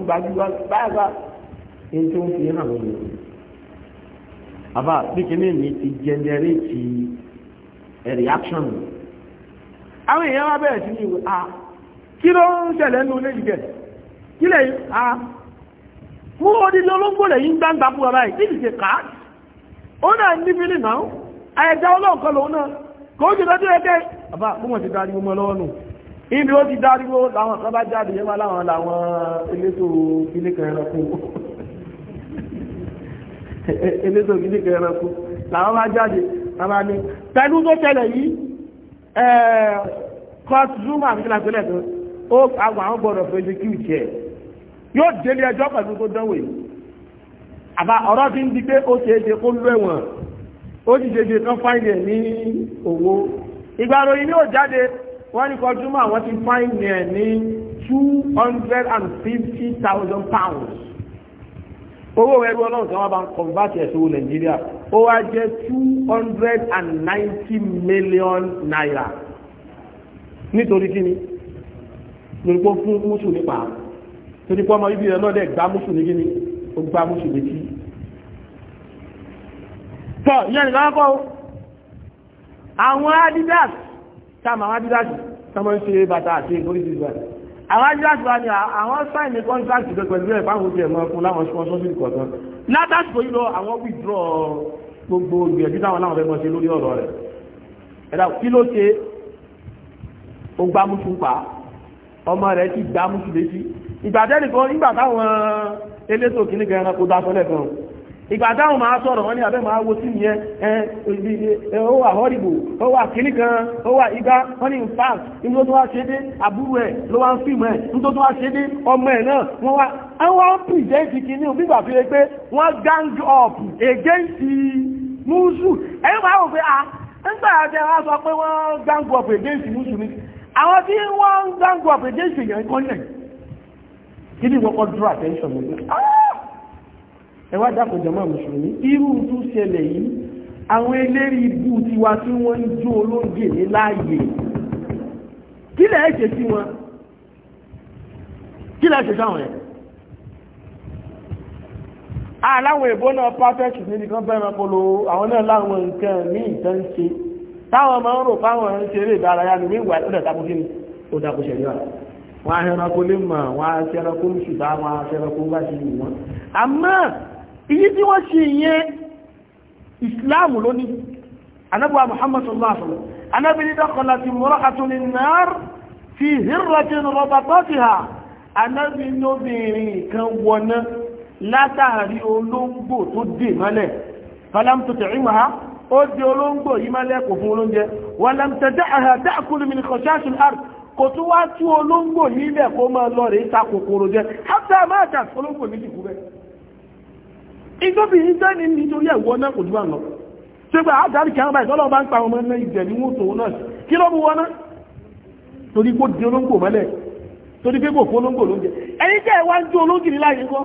ń àbá pínpín mi ti jẹnẹrétì reaction àwọn èèyàn wá bẹ̀rẹ̀ sí ní ìwé a ah, kí ló ń ṣẹlẹ̀ nínú ilé ìgbẹ̀ kí lè a fún odidi olóńgbò lẹ́yìn gbangba fún ọba yìí kí ṣe kà á ó náà ní fílì náà àyẹ̀dá ọlọ́ọ̀kan lòun náà kò ó jù lọ́dún ẹgbẹ́ àbá kúmọ̀ ti darí ọmọ lọ́wọ́ nù ibi ó ti darí ó làwọn kan bá jáde yẹn bá láwọn làwọn elétò ilé kan ẹranko elétò gidi kan ẹranko làwọn bá jáde bàbá ní pẹ̀lú tó tẹ̀lẹ̀ yìí court room àti ìlàpẹ̀lẹ̀ kan ó àwọn àwọn gbọ́dọ̀ fẹ́lẹ̀ kí ìjẹ́ yóò délé ẹjọ́ pẹ̀lú tó dánwò yìí àbá ọ̀rọ̀ ti ń di pé ó ṣe ṣe kó lú ẹ̀wọ̀n ó sì ṣe ṣe kán fáìnì ẹ̀ ní owó ìgbàrò yìí ni ó jáde wọ́n ní court room àwọn ti fáìnì ẹ̀ ní two hundred and fifty thousand pounds owó ẹrú ọlọ́run tí wọ́n bá ń convert ẹ̀ sówó nàìjíríà ó wá jẹ́ two hundred and ninety million naira nítorí kí ni lórí pọ́ fún mùsù nípa torí pọ́ ọmọ ibi rẹ̀ náà dẹ̀ gbá mùsù ní kí ni ó gbá mùsù létí. tọ́ ìyẹn nìkan kọ́ àwọn adidas táwọn adidas táwọn ń ṣe bàtà àti ìforísí ìgbà àwọn ajíláṣí wa ni àwọn sáìnì kọ́ńtàkì tó pẹ̀lú ẹ̀ fáwọn oṣù ẹ̀mọ́ fún láwọn sponsorship kọ̀ọ̀kan látàsìkò yìí lọ àwọn withdraw gbogbo ìgbìyànjú táwọn láwọn fẹ́ mọ́ ṣe lórí ọ̀rọ̀ rẹ̀ ẹ̀dá kí ló ṣe ó gbá mùsùn pa ọmọ rẹ̀ ti gbá mùsùn létí ìgbà tẹ́nìkan nígbà táwọn elétò kìnnìkan ẹranko dáṣọ́lẹ̀ kan ìgbà táwọn máa sọ̀rọ̀ wọn ní abẹ́ máa wo sí ìyẹn ó wà họ́rìbò ó wà kìíní kan ó wà igá wọ́n ní fast. inú tó wá ṣe dé àbúrò ẹ̀ ló wá ń fìmọ̀ ẹ̀ inú tó tó wá ṣe dé ọmọ ẹ̀ náà wọ́n wá àwọn pìrìsẹ́ǹtì kìíní ò bígbà fi pé wọ́n gang up against musu ẹ̀yìn máa wò pé a nígbà àti àwọn sọ pé wọ́n gang up against musu ni àwọn tí wọ́n gang up against èèyàn kọ́ ẹ wá dákun jàmá mùsùlùmí irú tó ṣẹlẹ̀ yìí àwọn eléri ibú tiwa tí wọ́n ń jó olóńgè ní láàyè kí lẹ̀ ẹ́ ṣe sí wọn kí lẹ̀ ẹ́ ṣe sáwọn yẹn aláwọn èbó náà perfect níbi kan bẹ́ẹ̀ máa polo àwọn náà láwọn nǹkan ní ìtàn ṣe táwọn máa ń rò fáwọn ń ṣeré ìdárayá ni wíwà ó dẹ̀ takò kí ni ó takò ṣẹ̀rí ọ̀la wọn á ṣẹranko lè mọ̀ wọn á ṣẹranko ń ṣùgbọ́n wọn á ṣẹranko ń bá ṣe ìwọ̀n àmọ́ iye tí wọ́n ṣe yẹn ìsìláàmù lónìí anábùwà muhammad sallallahu alaihi wa sallam anábìnrin dákọ̀lá ti mọ́rọ́ àtúnni náà fi hírọ̀tìn rọ̀bàtọ́tìhà anábìnrin obìnrin kan wọná látàrí olóńgbò tó dè mọ́lẹ̀ falamtutù ìmọ̀ha ó di olóńgbò yìí mọ́lẹ̀ kò fún olóúnjẹ wàlámtẹ̀dẹ́ àhàdá àkúlùmí kọ̀ṣáṣùn àrùn kò tún wá tí olóńgbò nílẹ̀ kó máa lọ rèé ta kòkòrò jẹ hátà máa jà olóńgbò nídìí kú bẹ́ẹ̀ ìjọbi yìí jẹ́ ní nítorí ẹ̀wọ́ náà kò dúbà lọ ṣe pé àádárí kí àwọn báyìí tọ́lọ́ bá ń pa ọmọ náà ìjẹ̀ ní wọ́n tòun náà kí ló mú wọn náà torí kó di olóńgbò mọ́lẹ̀ torí pé kò fún olóńgbò lóúnjẹ ẹni jẹ́ ẹ̀wá ń jó olóńgìrì láyé kọ́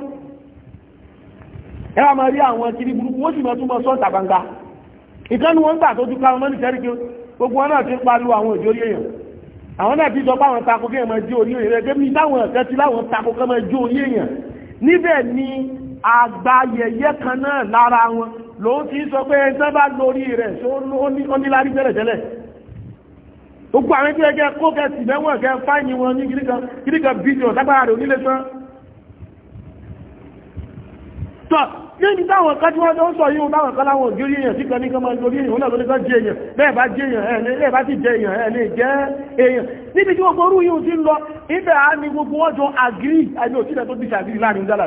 ẹ wá máa rí àwọn kiri burúkú wọ́n sì máa túnbọ̀ sọ́ọ̀tà gbangba ìkànnì wọn gbà tó ju ká ọmọ nìkẹ́rì kí gbogbo wọn náà ti ń pariwo àwọn òjò orí èèyàn àwọn náà ti sọ pé àwọn tako kí èèyàn máa jó orí èèyàn rẹ̀ débi táwọn ẹ̀kẹ́ ti láwọn tako kí wọ́n máa jó orí èèyàn níbẹ̀ ni àgbáyẹyẹ kan náà lára wọn lòun ti sọ pé ẹjọ́ bá lórí rẹ̀ tó onílárí tẹ́lẹ̀tẹ́lẹ̀ gbogbo àwọn ẹgbẹ́ ẹgbẹ́ kó kẹ́ sì lẹ́wọ̀n kẹ́ fáìní wọn ní kíríkan bídíò lágbára rẹ̀ onílé tán tọ́ lẹ́ni táwọn kan tí wọ́n tó ń sọ yíò táwọn kan láwọn ògiri èèyàn tí kan ní kan máa ń lórí èèyàn náà lórí kan jẹ èèyàn bẹ́ẹ̀ bá jẹ èèyàn ẹ̀lẹ́ bá ti jẹ èèyàn ẹ̀lẹ́ jẹ́ èèyàn níbi tí gbogbo orú yíò ti ń lọ ibẹ̀ á ní gbogbo wọ́n jọ àgírí àìní òtítẹ̀ tó ti ṣàgírí láàrin dálà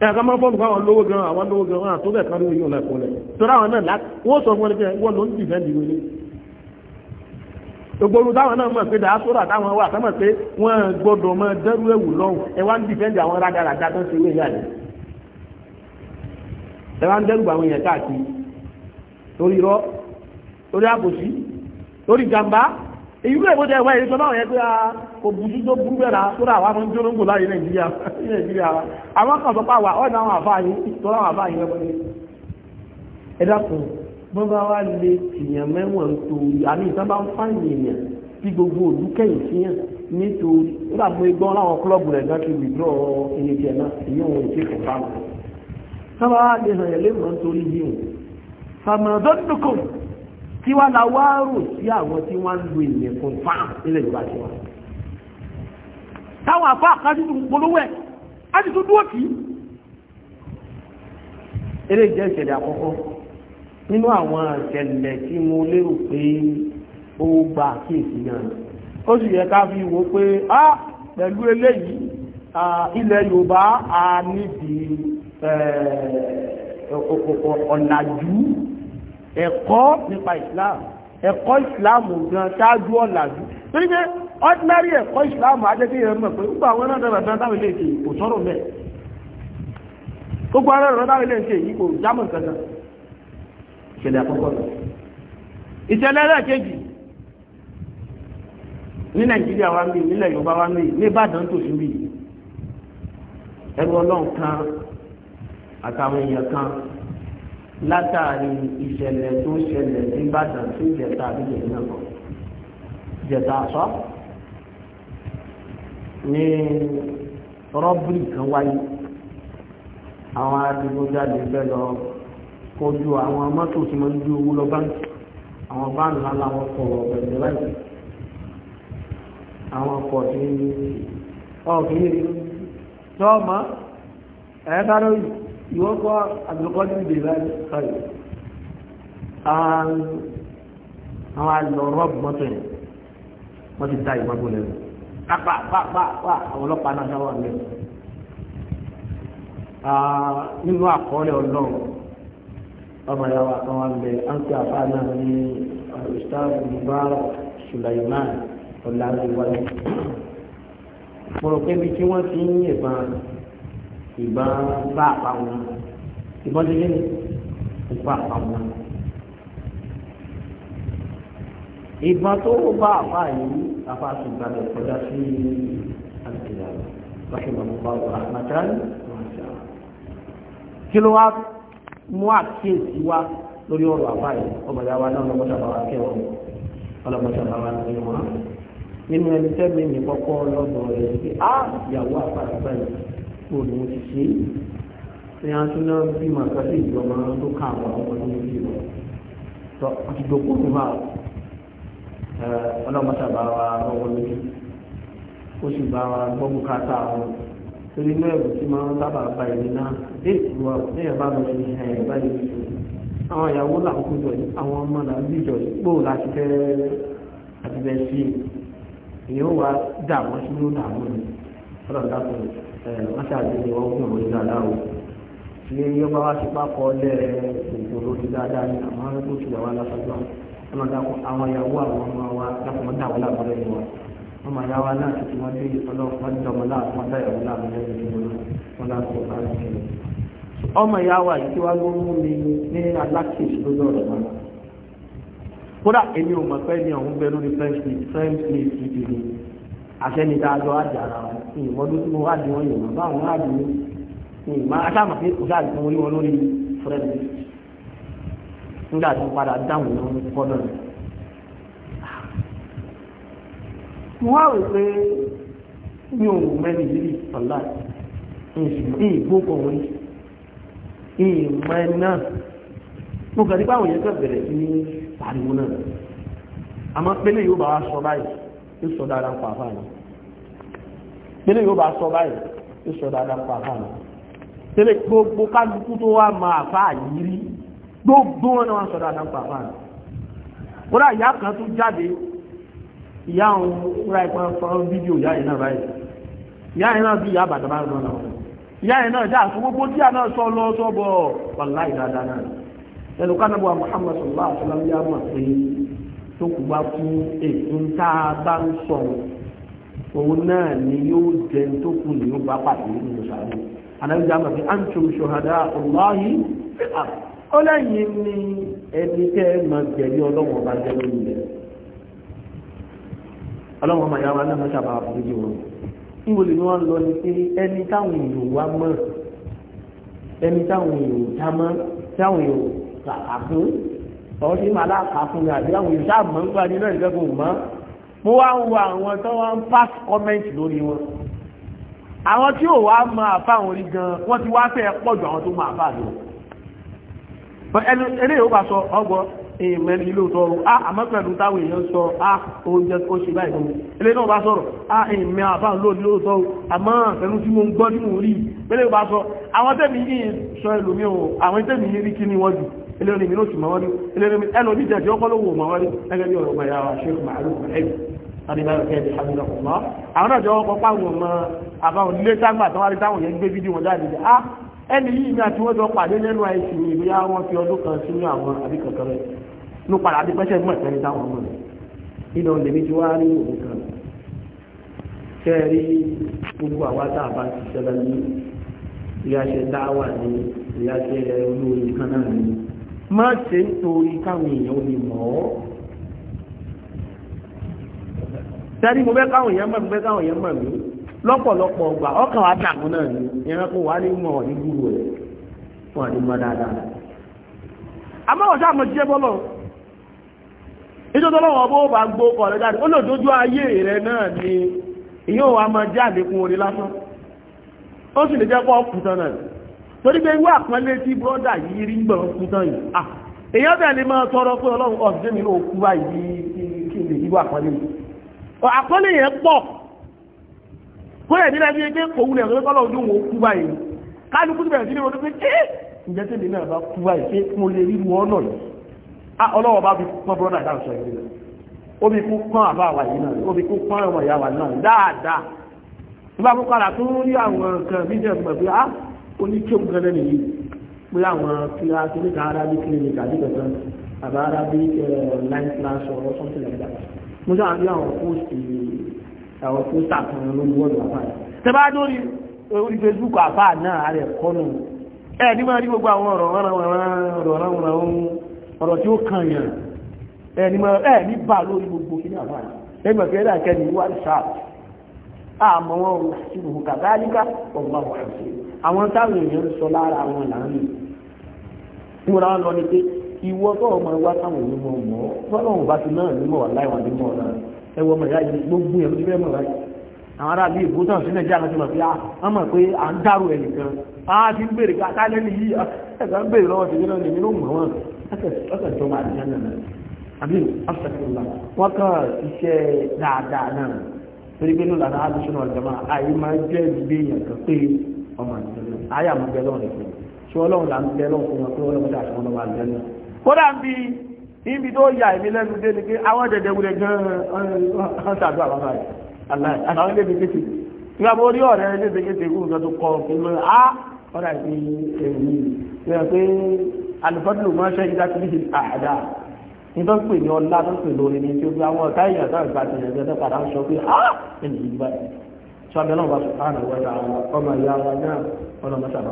ẹ̀ka máa fọ́ọ̀lù fáwọn lówó gan àwọn lówó gan àwọn àtúbẹ̀ kan lórí ọ̀la ìkọlẹ̀ torí àwọn náà láti wọ́n sọ fún ẹni pé wọ́n ló ń dìfẹ́ǹdì wọlé ògbóru táwọn náà mọ̀ pé dàásọ́rọ̀ àtàwọn wà sọ́mọ̀ pé wọ́n gbọ́dọ̀ mọ dẹ́rú ẹ̀wù lọ́wọ́ ẹ wá ń dìfẹ́ǹdì àwọn rádaràdá tó ń ṣe wéyà rẹ̀ ẹ wá ń dẹ́rù àwọn èèyàn káàkiri torí rọ́ torí àbòsí torí jàmbá èyí ló èbó jẹ ìwé ìsọ náà yẹn pé a ah, kò bùjú tó burú bẹ̀rẹ̀ àtúrà àwọn ọmọ ìjọ lóńgbò láyé nàìjíríà nàìjíríà wa àwọn kan sọ pé àwà ọ̀nà àwọn àfáà yìí tó àwọn àfáà yìí lọ́wọ́ ẹ dákun wọ́n bá wá lè tìyàn mẹ́wọ̀n torí àmì ìtàn bá ń fáyìn èèyàn tí gbogbo òlú kẹ́yìn síyàn nítorí ó dàbí gbọ́n láwọn kúlọ̀bù rẹ̀ gá ti wìdúrọ̀ ẹni tiẹ̀ náà èyí òun ò tí kò bá wọn. sábà lè hàn yẹn lè mọ̀ nítorí yìí o sàmìnà dọ́dúnkùn kí wá la wá rò sí àwọn tí wọ́n ń lo ìlẹ̀kùn fáàm nílẹ̀ Yorùbá ti wá táwọn àfá àkájútù polówó ẹ̀ á ti tún dúró kì í eré jẹ́ ìṣẹ̀lẹ̀ àkọ́kọ́ nínú àwọn ìṣẹ̀lẹ̀ tí mo lérò pé ó gba àkíyèsí náà ó sì yẹ ká fi wò pé á pẹ̀lú eléyìí ilẹ̀ Yorùbá a níbi ọ̀làjú ẹ̀kọ́ nípa islam ẹ̀kọ́ islam gan ṣáájú ọ̀làjú torí pé ordinary ẹ̀kọ́ islam adẹ́gbẹ́ yẹn mọ̀ pé gbogbo àwọn ẹ̀rọ dára dára táwọn ilé ìṣe kò sọ̀rọ̀ mẹ́ gbogbo àwọn ẹ̀rọ dára ilé ìṣe yìí kò jámọ̀ kankan ìṣẹ̀lẹ̀ àkọ́kọ́ rẹ̀ ìṣẹ̀lẹ̀ ẹlẹ́ẹ̀kejì ní nàìjíríà wa mí nílẹ̀ yorùbá wa mí ní ìbàdàn tòṣù mí ẹ̀rọ ọlọ́run kan àtàwọn èèyàn kan látàrí ìṣẹ̀lẹ̀ tó ṣẹlẹ̀ nígbàdàn sí ìjẹta àbíjẹ̀ náà kan ìjẹta àṣọ ní rọ́bìrì kan wáyé àwọn adigunjalè fẹ́ lọ kojú àwọn mọ́tò tí wọ́n ju owó lọ báńkì àwọn báńkì náà làwọn kọ̀ ọ̀bẹ̀rẹ̀ láìpẹ́ àwọn ọkọ̀ tí ọ̀gbìn tọ́ ọmọ ẹ̀ẹ́dá lóyún ìwọ́n kọ́ àbẹ̀kọ́dún ìbèrè báyìí àwọn àlọ́ rọ́ọ̀bù mọ́tò yẹn wọ́n ti da ìwọ́gbọ́n lẹ́nu pàpàpàpà àwọn ọlọ́pàá náà dáwọ́ àmì nínú àkọọ́lẹ̀ ọlọ́run ọmọ ìyá wa kan wá ń bẹ áńkì àfa náà ní ọ̀sítàbù mubarak Sulaiman ọ̀làǹdíwájú mo rò pé bí tí wọ́n ti ń yẹ̀bọn ìbọn bá àpá wọn ìbọn ti léèrè òkú àpá wọn. ìbọn tó bá àpá yìí àpá tó gbàgbé kọjá sí àgbèrè rahimah allah rahmatan rahmatan. kí ló wá mú àkíyèsí wá lórí ọ̀rọ̀ àpá yìí ọmọ ìyá wa náà lọ́mọdé àbáwá kẹwọn ọlọ́mọdé àbáwá nínú nínú ẹni tẹ́mi ní kọ́kọ́ lọ́dọ̀ rẹ̀ pé á ìyàwó àpá àgbà yìí òun ti ṣe ní àtúná bí màkà sí ìjọba tó kà wà ọmọ ní ìlú rẹ tó àtijọ́ kó tó máa ọlọ́mọta bá wa lọ́wọ́ lójú ó sì bá wa gbọ́ bùkátà wọn torí inú ẹ̀bùn tí máa ń sábà ba ìlú náà dé ìlú wa ní ẹ̀bá lọ sí ẹ̀ báyìí lóṣù àwọn ìyàwó làkókò jọ yìí àwọn ọmọ là ń bìjọ yìí gbòò láti fẹ́ àti fẹ́ sí èyí ó wá dà sí ló dà ni ọlọ́dà kò wọ́n ṣàdédé wọ́n gùn lórí dáadáa o tí yóò bá wá sí pápọ̀ lẹ́ ògùn lórí dáadáa ni àwọn arúgbó ti wà lásàgbọ́n ọmọ dàpọ̀ àwọn ìyàwó àwọn ọmọ wa dàpọ̀ mọ́ dàwọ́ làbọ̀ lẹ́nu wa ọmọ ìyá wa náà ti wọ́n dé ọlọ́pàá dọmọ láàpọ̀ dáyàwó làbọ̀ lẹ́nu tó wọn láti ọ̀pá rẹ̀ ọmọ ìyá wa yìí tí wàá ló mú mi ní alákèsí lójú ọ̀rọ̀ náà kódà èmi ò mọ̀ pé ní ọ̀hún bẹ lórí french league french di ni àṣẹ ni dáadọ́ àjà ara wọn ìmọ̀dún tí mo wá di wọn yìí báwọn wá di mi ní ìmọ̀ aṣáàmọ̀ pé kò sáà mo rí lórí fúrẹ́dì nígbà tí mo padà dáhùn náà mo kọ́ náà. mo wá rò pé mi ò mẹ́rin yìí ọ̀la ìgbókòó rí ìmọ̀ ẹ̀ náà mo kàn ní báwọn yẹn bẹ̀rẹ̀ sí ní pariwo náà àmọ́ pélé yóò bá wa sọ tẹ́lẹ̀ yóò bá sọ báyìí tó sọ dáadáa fún àfáà náà tẹ́lẹ̀ gbogbo kálukú tó wá máa àfáà yìí rí gbogbo wọn náà sọ dáadáa fún àfáà náà kódà ìyá kan tó jáde ìyá òun ra ìpọn fọ́n fídíò ìyá yìí náà báyìí ìyá yìí náà bí ìyá àbàdàn bá lọ náà ìyá yìí náà dáa gbogbo tí náà sọ lọ sọ bọ wàláì dáadáa náà ẹnu kánábọ Muhammad sallallahu alaihi wasallam yá mà pé tó kù bá fún ètò tá a bá ń sọ̀rọ̀ òun náà ni yóò jẹ tó kù ní yóò bá pàdé nínú sàárè anábìjà mọ̀ sí antum ṣòhádà ọláhì ó lẹ́yìn ní ẹni tẹ́ ẹ máa jẹ̀rí ọlọ́wọ́n bá jẹ́ lórí rẹ̀ ọlọ́wọ́n máa yára náà mọ́ṣábà àforíjì wọn níbo lè ní wọ́n lọ ní pé ẹni táwọn èèyàn wá mọ̀ ẹni táwọn èèyàn já mọ́ táwọn èèyàn kàkà fún ọ̀hún sí màlá kà fún mi àbí àwọn èèyàn sáà mọ̀ ń gbà náà ìjọba òun mọ́ mo wá ń wo àwọn tó wá ń pass comment lórí wọn àwọn tí ò wá máa fà wọn rí gan wọ́n ti wá fẹ́ pọ̀ jù àwọn tó máa fà lọ ẹni yóò bá sọ ọgbọ ìmẹ́rin ilé òtọ́ ọrùn ah, àmọ́ pẹ̀lú táwọn èèyàn sọ ah, oúnjẹ tó ṣe báyìí lóhun ilé náà bá sọ̀rọ̀ ìmẹ́ ah, àbáhùn lóòdí lóòtọ́ àmọ́ pẹ̀lú tí mo ń gbọ́ nínú rí pẹ̀lú bá sọ àwọn tẹ́mi yìí sọ ẹlòmí o àwọn tẹ́mi yìí rí kí ni wọ́n jù ilé onímí ló sì mọ́ wọ́n rí ẹlòmí jẹ̀jẹ̀ ọpọlọ́wọ́ mọ́ wọ́n rí ẹgẹ́ bí ọ̀rọ̀ àríbáyọ̀kẹ́ ìhàmìlọ́pọ̀lá àwọn náà jọ pọ́pá àwọn ọmọ àbáwọn ilé tágbà tó wá rí táwọn yẹn gbé fídíò wọn jáde jẹ́ ah ẹni yìí ní àti wọ́n jọ pàdé lẹ́nu àìsí ní ìbíyá wọn fi ọdún kan sínú àwọn àbí kankan rẹ̀ ló padà bí pẹ́sẹ̀ mọ̀ ìfẹ́ ní táwọn ọmọ rẹ̀ nínú ọ̀lẹ́ mi ti wá rí òun kan tẹ́ rí gbogbo àwa tá a bá ti ṣẹlẹ̀ ní ìyáṣẹ́ dáwà ní ìyáṣẹ́ olórin kan náà ní má ṣe ń torí sẹ́ni mo fẹ́ káwọn èèyàn mọ̀ mi fẹ́ káwọn èèyàn mọ̀ mi lọ́pọ̀lọpọ̀ ọgbà ọkàn wa dààmú náà ni ìran kó wà ní mọ̀ ní gbúrò rẹ̀ wọ́n ní mọ̀ dáadáa. àmọ́ ọ̀sá àmọ́ jíjẹ́ bọ́lọ̀ ìjọ tó lọ́wọ́ bó bá gbó kọ̀ rẹ̀ jáde ó lò dójú ayé rẹ̀ náà ni ìyóò wa máa jẹ́ àlékún orí lásán ó sì lè jẹ́ pọ́ kùtàn náà torí pé irú àpọ́nlé tí bọ́dà yìí rí gbọ̀n kùtàn yìí èèyàn bẹ̀rẹ̀ ni máa tọrọ pé ọlọ́run ọ̀sẹ̀ mi ló kú báyìí kí n lè yíwọ́ àpọ́nlé yìí àkọlé yẹn pọ̀ kó yẹ nílẹ̀ bíi pé kò wulẹ̀ ọ̀rẹ́ kọ́lọ̀ ojú wọn kú báyìí kálukú ti bẹ̀rẹ̀ sí ní wọn pé ké ǹjẹ́ tèmi náà bá kú báyìí pé mo lè rí wọn náà yìí a ah, ọlọ́wọ́ bá fi pọ́n bọ́dà ìdáhùn sọ ìdílé ó fi kú pọ́n àbá wa yìí náà ó fi kú pọ́n ìyá wa náà dáadáa nígbà tó kọ́ra tó rí àwọn nǹkan bí jẹ́ pẹ̀ pé ah oníkéwù gan-an nìyí pé àwọn kíláàsì níta ara àbá Arabic online eh, class or something like that mo sáà bí àwọn post àwọn post àkànlọ lórí wọ́ọ̀dù àfà rẹ̀ tẹ́bá lórí orí Facebook àfà náà rẹ̀ kọ́nù ẹ̀ ní máa rí gbogbo àwọn ọ̀rọ̀ ọ̀rọ̀ tí ó kàn yàn ẹ̀ ní bà lórí gbogbo kí ní àfà rẹ̀ ẹgbẹ̀ fẹ́ dà kẹ́ni wá sáà àmọ́ wọn ò sí ìhù kàbáyíká ọgbà wà sí àwọn táwọn èèyàn sọ lára àwọn làánù ìmúra wọn lọ ni pé ìwọ tọ́rọ máa wá táwọn èèyàn mọ̀ mọ́ tọ́lọ́run bá ti náà nímọ̀ wà láìwọ̀n nímọ̀ náà ẹwọ ọmọ ìyá yìí gbogbo ẹ̀rọ ti fẹ́ mọ̀ láì àwọn aráàlú ìbò tán sí nàìjíríà lọ́sí mọ̀ pé a ah, wọ́n mọ̀ pé à ń dárò ẹ̀ nìkan ah, a ti ń béèrè kálẹ́ ní yìí ah, ẹ̀ka ń béèrè lọ́wọ́ tìbí náà ní inú mọ̀ wọn ọ̀sẹ̀ tó máa jẹ́ nàná àbí ọ̀sẹ̀kùnlá wọ́n kàn iṣẹ́ dáadáa náà torí pé nílò àdáhà lóṣùnà ọ̀jọ̀mọ́ jẹ́ ọmọ àti ayé là ń bẹ́ẹ̀ lọ́rùn fún wọn pé ọlọ́run dà sí wọn lọ́wọ́ àlùjẹ́ náà kódà ń bi ibi tó yà èmi lẹ́nu dé ni pé àwọn dẹ̀dẹ̀ wulẹ̀ gan-an ṣàdúrà bàbá rẹ̀ àtàwọn ilé kékeré ìgbà mo rí ọ̀rẹ́ ilé kékeré kú nǹkan tó kọ fún mi á kódà ti èmi rẹ̀ pé alùpàdùn máa ṣe ìdá ní ọlá tó pè lórí ni tí ó fi àwọn ọ̀tá ìyà táwọn ìgbà tó yẹ kẹ́ padà ń sọ pé á ẹnì yìí báyìí sọ́dọ̀ náà bá sọ fáànà wọ́ta àwọn ọmọ ìyá wa náà ọlọ́mọ sábà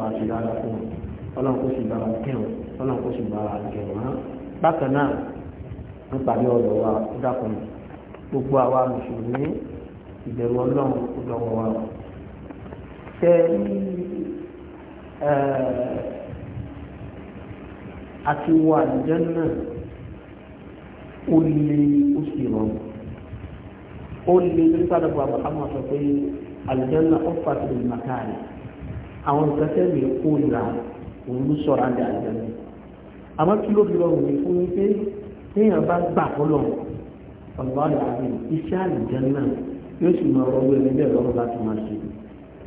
ọlọ́run kò sì gba ìjọba wọn bákan náà ń pàdé ọ̀dọ̀ wa ó dákun gbogbo àwa mùsùlùmí ìbẹ̀rù ọlọ́run ó dọ̀wọ́ wa tẹ àti wà àlùjànnà ó lé ó sì rọrùn ó lé ní sádọ̀bọ̀ àbáhámà sọ pé àlùjànnà ó fàtìlì màkàrí àwọn ìkẹsẹ̀ mi kó ìlà òun sọ̀rọ̀ àdé àlùjànnà àmọ́ kí ló fi rọrùn mi fún mi pé téèyàn bá gbà fọlọ́ ọ̀gbọ́n àdàbí iṣẹ́ àlùjànnà yóò sì máa rọgbọ ẹni bẹ́ẹ̀ lọ́rùn láti máa ṣe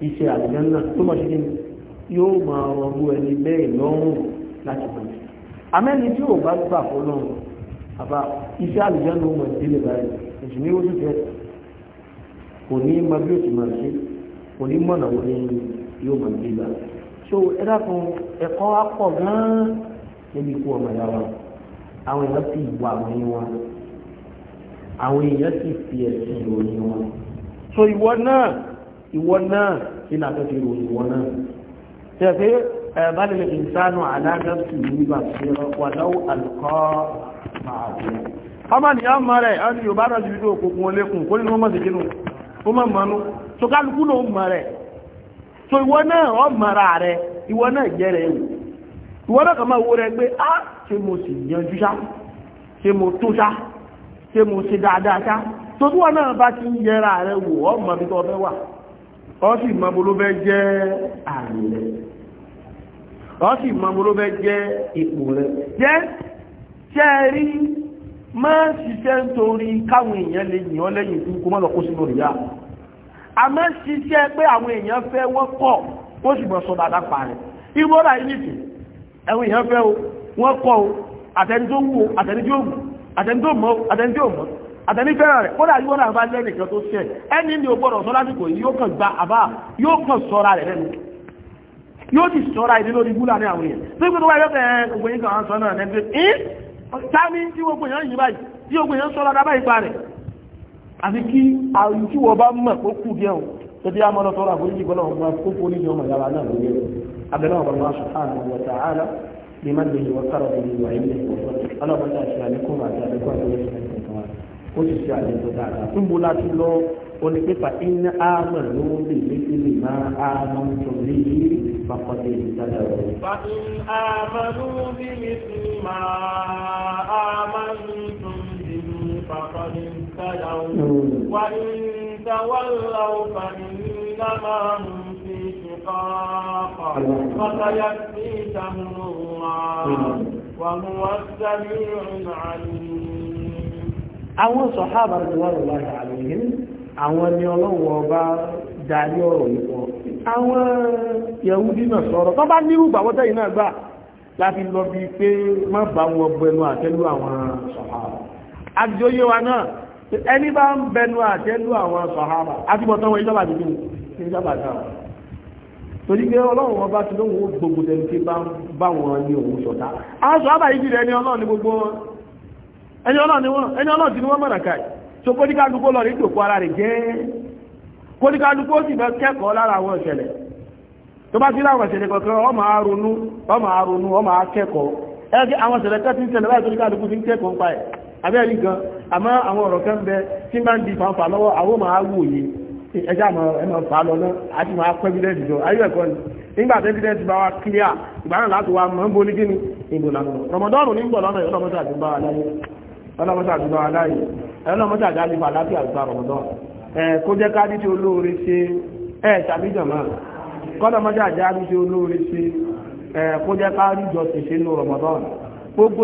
iṣẹ́ àlùjànnà tó máa ṣe yóò máa rọgbọ ẹni bẹ́ẹ̀ lọ́rùn láti máa ṣe àmẹ́ni tí ò bá gbà fọlọ́ àbá iṣẹ́ àlùjànnà ó mọ̀ ìdílé báyìí èsì ní oṣù tẹ kò ní ma bí ó ti máa ṣe kò ní mọ̀nà wọlé yóò máa gbé gbà so ẹ dákun ẹ̀kọ́ á pọ̀ gan-an níbi ikú ọmọ ìyá wa àwọn èèyàn sì wà ní wọn àwọn èèyàn sì fi ẹ̀sìn ìròyìn wọn so ìwọ náà ìwọ náà kí ni àtọ́jú ìròyìn ìwọ náà tẹ̀ pé بل الإنسان على نفسه بصيرة ولو ألقى معذرة ọmọ ni a mọ̀ rẹ̀ a ni yóò bá rọ̀ jùlọ òkùnkùn olékùn kó nínú ọmọ ìsìnkú ó mọ̀ mọ̀nú tó kálukú ló mọ̀ rẹ̀ tó ìwọ náà ọ mọ̀ra rẹ̀ ìwọ náà jẹ́ rẹ̀ ewu wọ́n náà kàn máa wo rẹ pé á ṣe mo sì yanjú ṣe mo tó ṣá ṣe mo ṣe dáadáa ṣá tó wọ́n náà bá ti ń yẹra rẹ wò ọ́ mọ̀ bí wà ọ́ sì jẹ́ ààrẹ rẹ ọ́ sì jẹ́ ipò rẹ jẹ́ ṣẹ́ rí ṣiṣẹ́ nítorí káwọn èèyàn lè yìn ọ́ lẹ́yìn má lọ kó sínú sọ dáadáa ẹ̀wọ̀n èèyàn fẹ́ o wọ́n kọ́ o àtẹni tó wù àtẹni tí ó wù àtẹni tó mọ̀ àtẹni tí ó mọ̀ àtẹni fẹ́ràn rẹ̀ kódà yíwọ́n náà bá lẹ́nìkan tó ṣẹ̀ ẹni ni ò gbọ́dọ̀ sọ lásìkò yìí yóò kàn gba àbá yóò kàn sọ́ra rẹ̀ lẹ́nu yóò ti sọ́ra ìdí lórí búlà ní àwọn èèyàn tó gbogbo wáyé ọ̀fẹ́ gbogbo yìí kan sọ náà lẹ́gbẹ́ ẹ́ tàbí tí gbogbo èèyàn yìí báyìí tí gbogbo èèyàn sọ́ra dábà ipa rẹ̀ àfi kí àrùn tí wọ́n bá mọ̀ kó kù díẹ̀ o tẹ́tí á mọ́ lọ sọ́ra àforíjì gbọ́dọ̀ wọn kó forí ní ọmọ ìyára náà lórí ẹ̀rọ abẹ́lẹ́ ọ̀bọ̀n máa subhanahu wa ta'ala bí má lè wọ́n kárọ̀ bí wà ní ilé ìwọ̀n ọlọ́pàá àti àlékún àti àlékún àti ilé ìwọ̀n kankan wa ó sì ṣe àlejò dáadáa ń bo láti lọ oní pépà iná àmọ̀ ló ń lè létí lè máa àmọ̀ tó lè yí pàkọ́tẹ̀ ìdájà rẹ̀. fàtí àmàlú bí mi ti máa àmàlú tó lè mú pàkọ́tẹ̀ ìdájà rẹ̀ wà ní ìdáwọ́lá ọ̀fà ní ìdámàmù. الشقاق فسيكفيكهم الله وهو السميع العليم àwọn sọ̀hábà ni wọ́n rọ̀ láti àlèyìn àwọn ni ọlọ́wọ́ ọba darí ọ̀rọ̀ nípọ̀ àwọn Yahudi náà sọ̀rọ̀ tó bá nírú gbàwọ́tẹ́ iná gbà láti lọ bí pé má bá wọn bẹnu àtẹ́lú àwọn sọ̀hábà àdìjọ́yé wa náà ẹni bá ń bẹnu àtẹ́lú àwọn sọ̀hábà àti bọ̀tán ìjọba àdìjọ́ torí pé ọlọ́run ọba ti lóhun ó gbogbo tẹnu tí bá wọn ní òun sọ̀tá aṣọ àbáyíjì rẹ̀ ẹni ọlọ́run ní gbogbo wọn ẹni ọlọ́run wọ́n ẹni ọlọ́run ti ní wọ́n mọ̀nà káì so kódíkálukó lọ rí ara rẹ̀ jẹ́ sì kẹ́kọ̀ọ́ lára àwọn ìṣẹ̀lẹ̀ tó bá láwọn ìṣẹ̀lẹ̀ kọ̀ọ̀kan ọmọ ẹjá mọ̀ ẹ̀nà fà lọ náà àti máa evidence jọ ayé ẹ̀kọ́ ni nígbà tí evidence bá wa clear láti wa mọ̀ ń ìbò lànà ní gbọ̀ lọ́nà ọlọ́mọdé àdúgbò aláyé ọlọ́mọdé àdúgbò aláyé ọlọ́mọdé rọmọdọ́ kó jẹ́ ká ní ti olóore ṣe ẹ̀ tàbí jọ̀mọ́ kọ́lọ́mọdé jọ gbogbo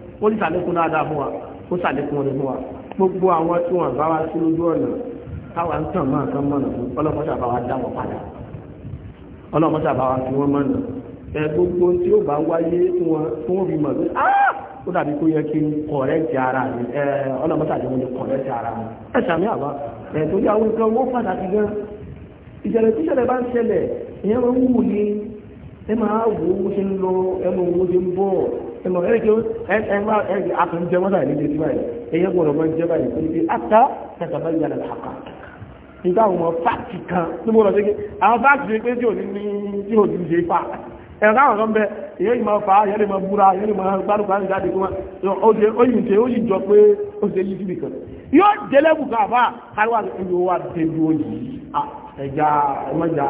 ó ní sàlékún dáadáa fún wa ó sàlékún rẹ̀ fún wa gbogbo àwọn tí wọ́n bá wá sí lójú ọ̀nà táwa ń tàn máa kan mọ̀nà fún ọlọ́mọṣà bá wa dá wọn padà ọlọ́mọṣà bá wa fi wọ́n mọ̀nà ẹ gbogbo tí ó bá wáyé fún wọn fi mọ̀ pé ó dàbí kó yẹ kí n kọ̀rẹ́tì ara mi ọlọ́mọṣà jẹ́ wọn kọ̀rẹ́tì ara mi ẹ sàmì àbá ẹ tó yà wọ́n kan wọ́n pàtàkì gan ìṣẹ̀lẹ̀ tíṣẹ̀lẹ̀ bá ń ṣẹlẹ̀ ìyẹn wọn wù ní ẹ máa wo owó ṣe ń lọ ẹ mọ owó ṣe ń bọ̀ ẹ mọ ẹ jẹ ẹ má ẹ àkàn jẹ wọn láìlé létí báyìí ẹyẹ gbọ́dọ̀ máa jẹ báyìí pé pé ata kàtàbá yàrá làkà nígbà àwọn fáàkì kan tí mo lọ sí àwọn fáàkì pé tí ò ní ní tí ò ní ṣe fà ẹ̀ka àwọn ọ̀dọ́ èyí ìmọ̀ fa yẹ́lẹ̀ mọ̀ búra yẹ́lẹ̀ mọ̀ gbárùkà ní jáde kúmọ̀ oye oyìnṣe ó yìí jọ pé ó ṣe yìí síbi kan yóò délẹ́bù kan àbá káríwá ìlú wa délú òyìn ah ẹja ẹmọjà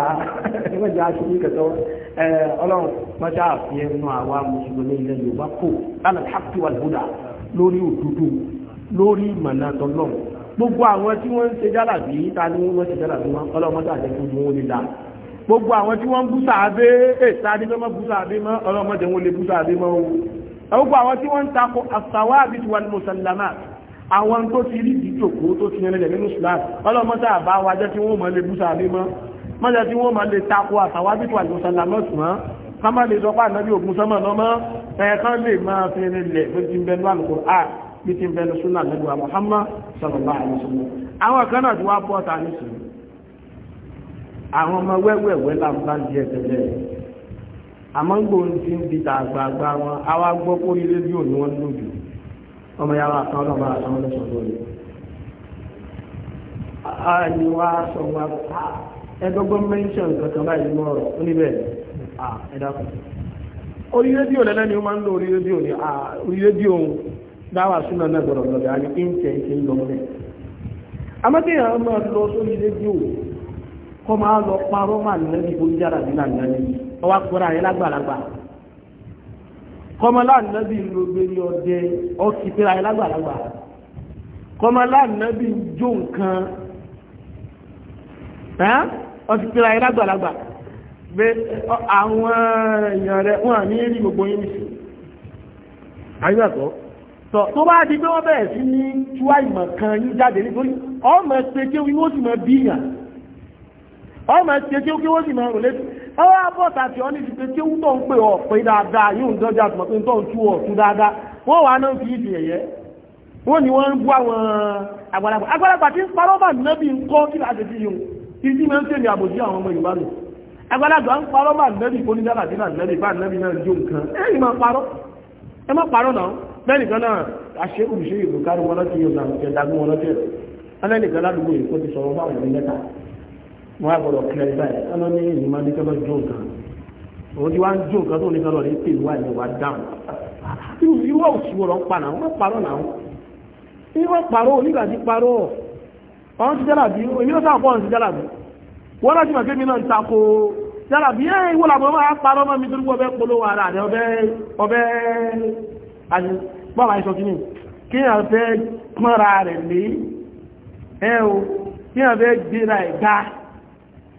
ẹmọjà aṣojú kẹtọ ẹ Ọlọ́run mọṣá àfihàn nínú àwa mùsùlùmí ilẹ̀ Yorùbá kò lánàá hapi wà lóda lórí òdodo lórí ìmọ̀nà tọ́lọ̀ gbogbo àwọn tí wọ́n ń ṣe jálàbí ta ni wọ́n ṣe jálàbí wọn Ọlọ́run mọṣá àjẹkù ni wọ́n lè dá gbogbo àwọn tí wọ́n ń bú sàábé ètàdé mọ́ bú sàábé mọ́ Ọlọ́run mọṣá wọn lè bú sàábé mọ́ o gbogbo àwọn tí wọ́n ń takò àsàwábì wal musallamat àwọn tó ti rí ìdíjòkó tó ti yẹnlẹ̀ nínú islam ọlọ́mọ́ta àbá wa jẹ́ tí wọ́n mọ̀ lè búsà lé mọ́ mọ́jẹ́ tí wọ́n mọ̀ lè takò àtàwádìkò àlùsàlámọ́sù mọ́ kọ́mọ́ lè sọpá ànábì ògùn sọ́mọ̀ lọ́mọ́ ẹ̀ẹ̀kan lè máa fi rinlẹ̀ pé ti ń bẹnu al-Qur'an bí ti ń bẹnu súnà lẹ́gbẹ̀ẹ́ Muhammad sallallahu alaihi wasallam àwọn kan náà ti wá bọ́ ta nísìnyí àwọn ọmọ wẹ́wẹ́wẹ́ láǹbá ń di ẹ̀tẹ̀lẹ̀ àmọ́ ń gbòòrùn ti ń di tàgbàgbà wọn àwa gbọ́ kórìí rédíò ni wọ́n lòdì ọmọ yàrá kan ọlọ́mọ àtàwọn ọlọ́sọ̀ lórí ni wá sọ wá ẹgbọ́gbọ́n mẹ́ńṣọ̀n kankan báyìí mọ́ ọ̀rọ̀ ó níbẹ̀ ẹ̀dá kan orí rédíò ni ó máa ń lo orí rédíò orí rédíò dáwà kí tẹ̀ lọ mọ́lẹ̀ máa lọ sórí rédíò kọ́ máa lọ parọ́ kọmọlá nàbí lóbìnrin ọdẹ ọkì tẹ́ra ẹ lágbàlagbà kọmọlá nàbí jó nǹkan ọkì tẹ́ra ẹ lágbàlagbà pé àwọn èèyàn rẹ wọn ní rí gbogbo yín nìṣẹ́ àyíkàtọ̀ tó bá di pé wọ́n bẹ̀rẹ̀ sí ní túwá ìmọ̀ kan yín jáde nítorí ọmọ ṣe kí wọ́n sì mọ bíyàn ọmọ ṣe kí wọ́n sì mọ rò létí ọwọ́ abọ́ta tí wọ́n ní ti pé tí ó ń pè ọ̀ pé dáadáa yóò ń dọ́jà tó pé tó ń tú ọ̀ tú dáadáa wọ́n wà náà fi ìdí ẹ̀yẹ́ wọ́n ní wọ́n ń bú àwọn àgbàlagbà àgbàlagbà tí ń parọ́ bà nẹ́bí ń kọ́ kí láti fi yun ìdí máa ń tẹ̀lé àbòjì àwọn ọmọ Yorùbá nù àgbàlagbà ń parọ́ bà nẹ́bí onídàbà tí náà nẹ́bí bá nẹ́bí náà jó nǹkan ẹ̀yìn máa parọ́ ẹ má parọ́ náà lẹ́nìkan náà àṣẹ olùṣe ìbùkárí wọn lọ́tí yóò náà ẹ̀dàgún wọn lọ́tí ẹ̀ wọ́n á gbọ́dọ̀ kílẹ̀ báyìí ẹ̀lọ́ ní ìlú máa ní kẹ́lọ́ jó nǹkan òun ti wá ń jó nǹkan tó ní kẹ́lọ́ rí pè wá ìwà dáhùn irú irú ọ̀sùn wọ̀rọ̀ ń pa náà wọ́n parọ́ náà irú parọ́ onígbà ti parọ́ ọ̀hún ti jálàbí èmi náà sáàpọ̀ ọ̀hún ti jálàbí wọ́n láti mọ̀ kémi náà ń tako jálàbí ẹ̀ ìwọ́ làbọ̀ máa parọ́ mọ́ mi torí wọ́n bẹ́ polówó ara rẹ̀ ọbẹ̀ ọbẹ̀ àti bọ́ọ̀lù àìsàn kìíní kí èèyàn fẹ́ pọ́nra rẹ̀ lé ẹ o kí èèyàn fẹ́ gbéra ẹ̀ dáa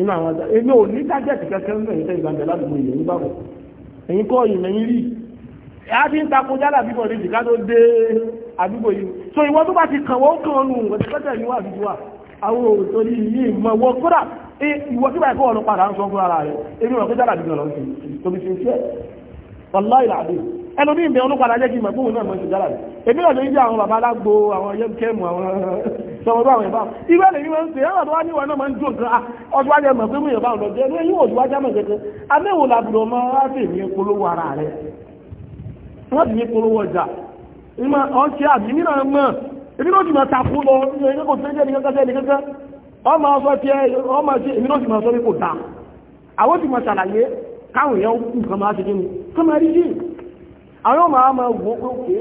inú àwọn ọjà èmi ò ní tájẹ̀tì kẹ́kẹ́ ń bẹ̀yìn tẹ́yìn gbàgbẹ́ ládùúgbò ilẹ̀ ní báwọ̀ èyí kọ́ ìyìn lẹ́yìn rí a ti ń takun jálà bíbọ̀ ní ìdíká tó dé àdúgbò yìí so ìwọ tó bá ti kàn wọ́n kàn nù ọ̀tẹ̀kẹ́tẹ̀ yìí wà bíbí wà àwọn òòtò ní ìyí ìmọ̀ wọ kódà ìwọ tí báyìí kọ́ ọ̀nà padà ń ẹlòmí ìbẹ̀ olúpadà jẹ́ kí mẹ̀gbóhùn náà mọ̀ sí dára rẹ̀ èmi náà lórí jẹ́ àwọn bàbá alágbó àwọn yẹ́m kẹ́mù àwọn sọmọdún àwọn ìbá irú ẹ̀ lèyí máa ń ṣe ẹ̀rọ tó wá níwọ̀n náà máa ń dùn kan ọdún wájẹ́ mọ̀ pé mú ìyọ̀bá ọ̀dọ̀ jẹ́ ní yóò wá jámọ̀ kẹ́kẹ́ àwọn ọmọ àmà wò ó pé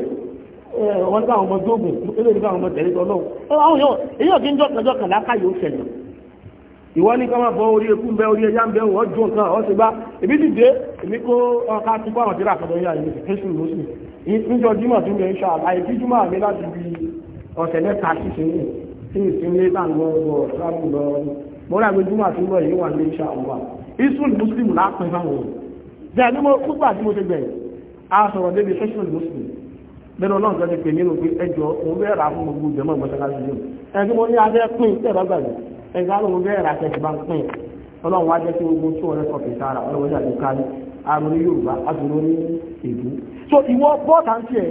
wọ́n nípa ọmọ jógùn ilé nípa ọmọ tẹ̀lé tọ́ àwọn yóò èyí ò kí ń jọ́kànjọ́ kàn láká yóò ṣẹlẹ̀ ní ká máa bọ orí ekú bẹ orí ẹyá ń bẹ wọ́n jó nǹkan ọ̀ bá èmi ti èmi kó ọkà tí kó àwọn tí ràkàtọ̀ yà yìí fẹ́sùn lóṣù níjọ jímọ̀ tí mo rà pé a sọ̀rọ̀ débi social muslim bẹ́ẹ̀ ọlọ́run kan ti pè nínú pé ẹjọ́ òun bẹ́ẹ̀ rà fún gbogbo jẹ́mọ́ ìmọ̀sánlásí yìí ẹni mo ní abẹ́ pín tẹ̀rọ gbàgbé ẹ̀ka lóun bẹ́ẹ̀ rà tẹ̀sí bá ń pín ọlọ́run wá jẹ́ gbogbo tí wọ́n rẹ̀ sọ̀kì sára ọlọ́run jà ló kárí arun ní yorùbá adúró ní èdú so ìwọ bọ́ọ̀tà ń tiẹ̀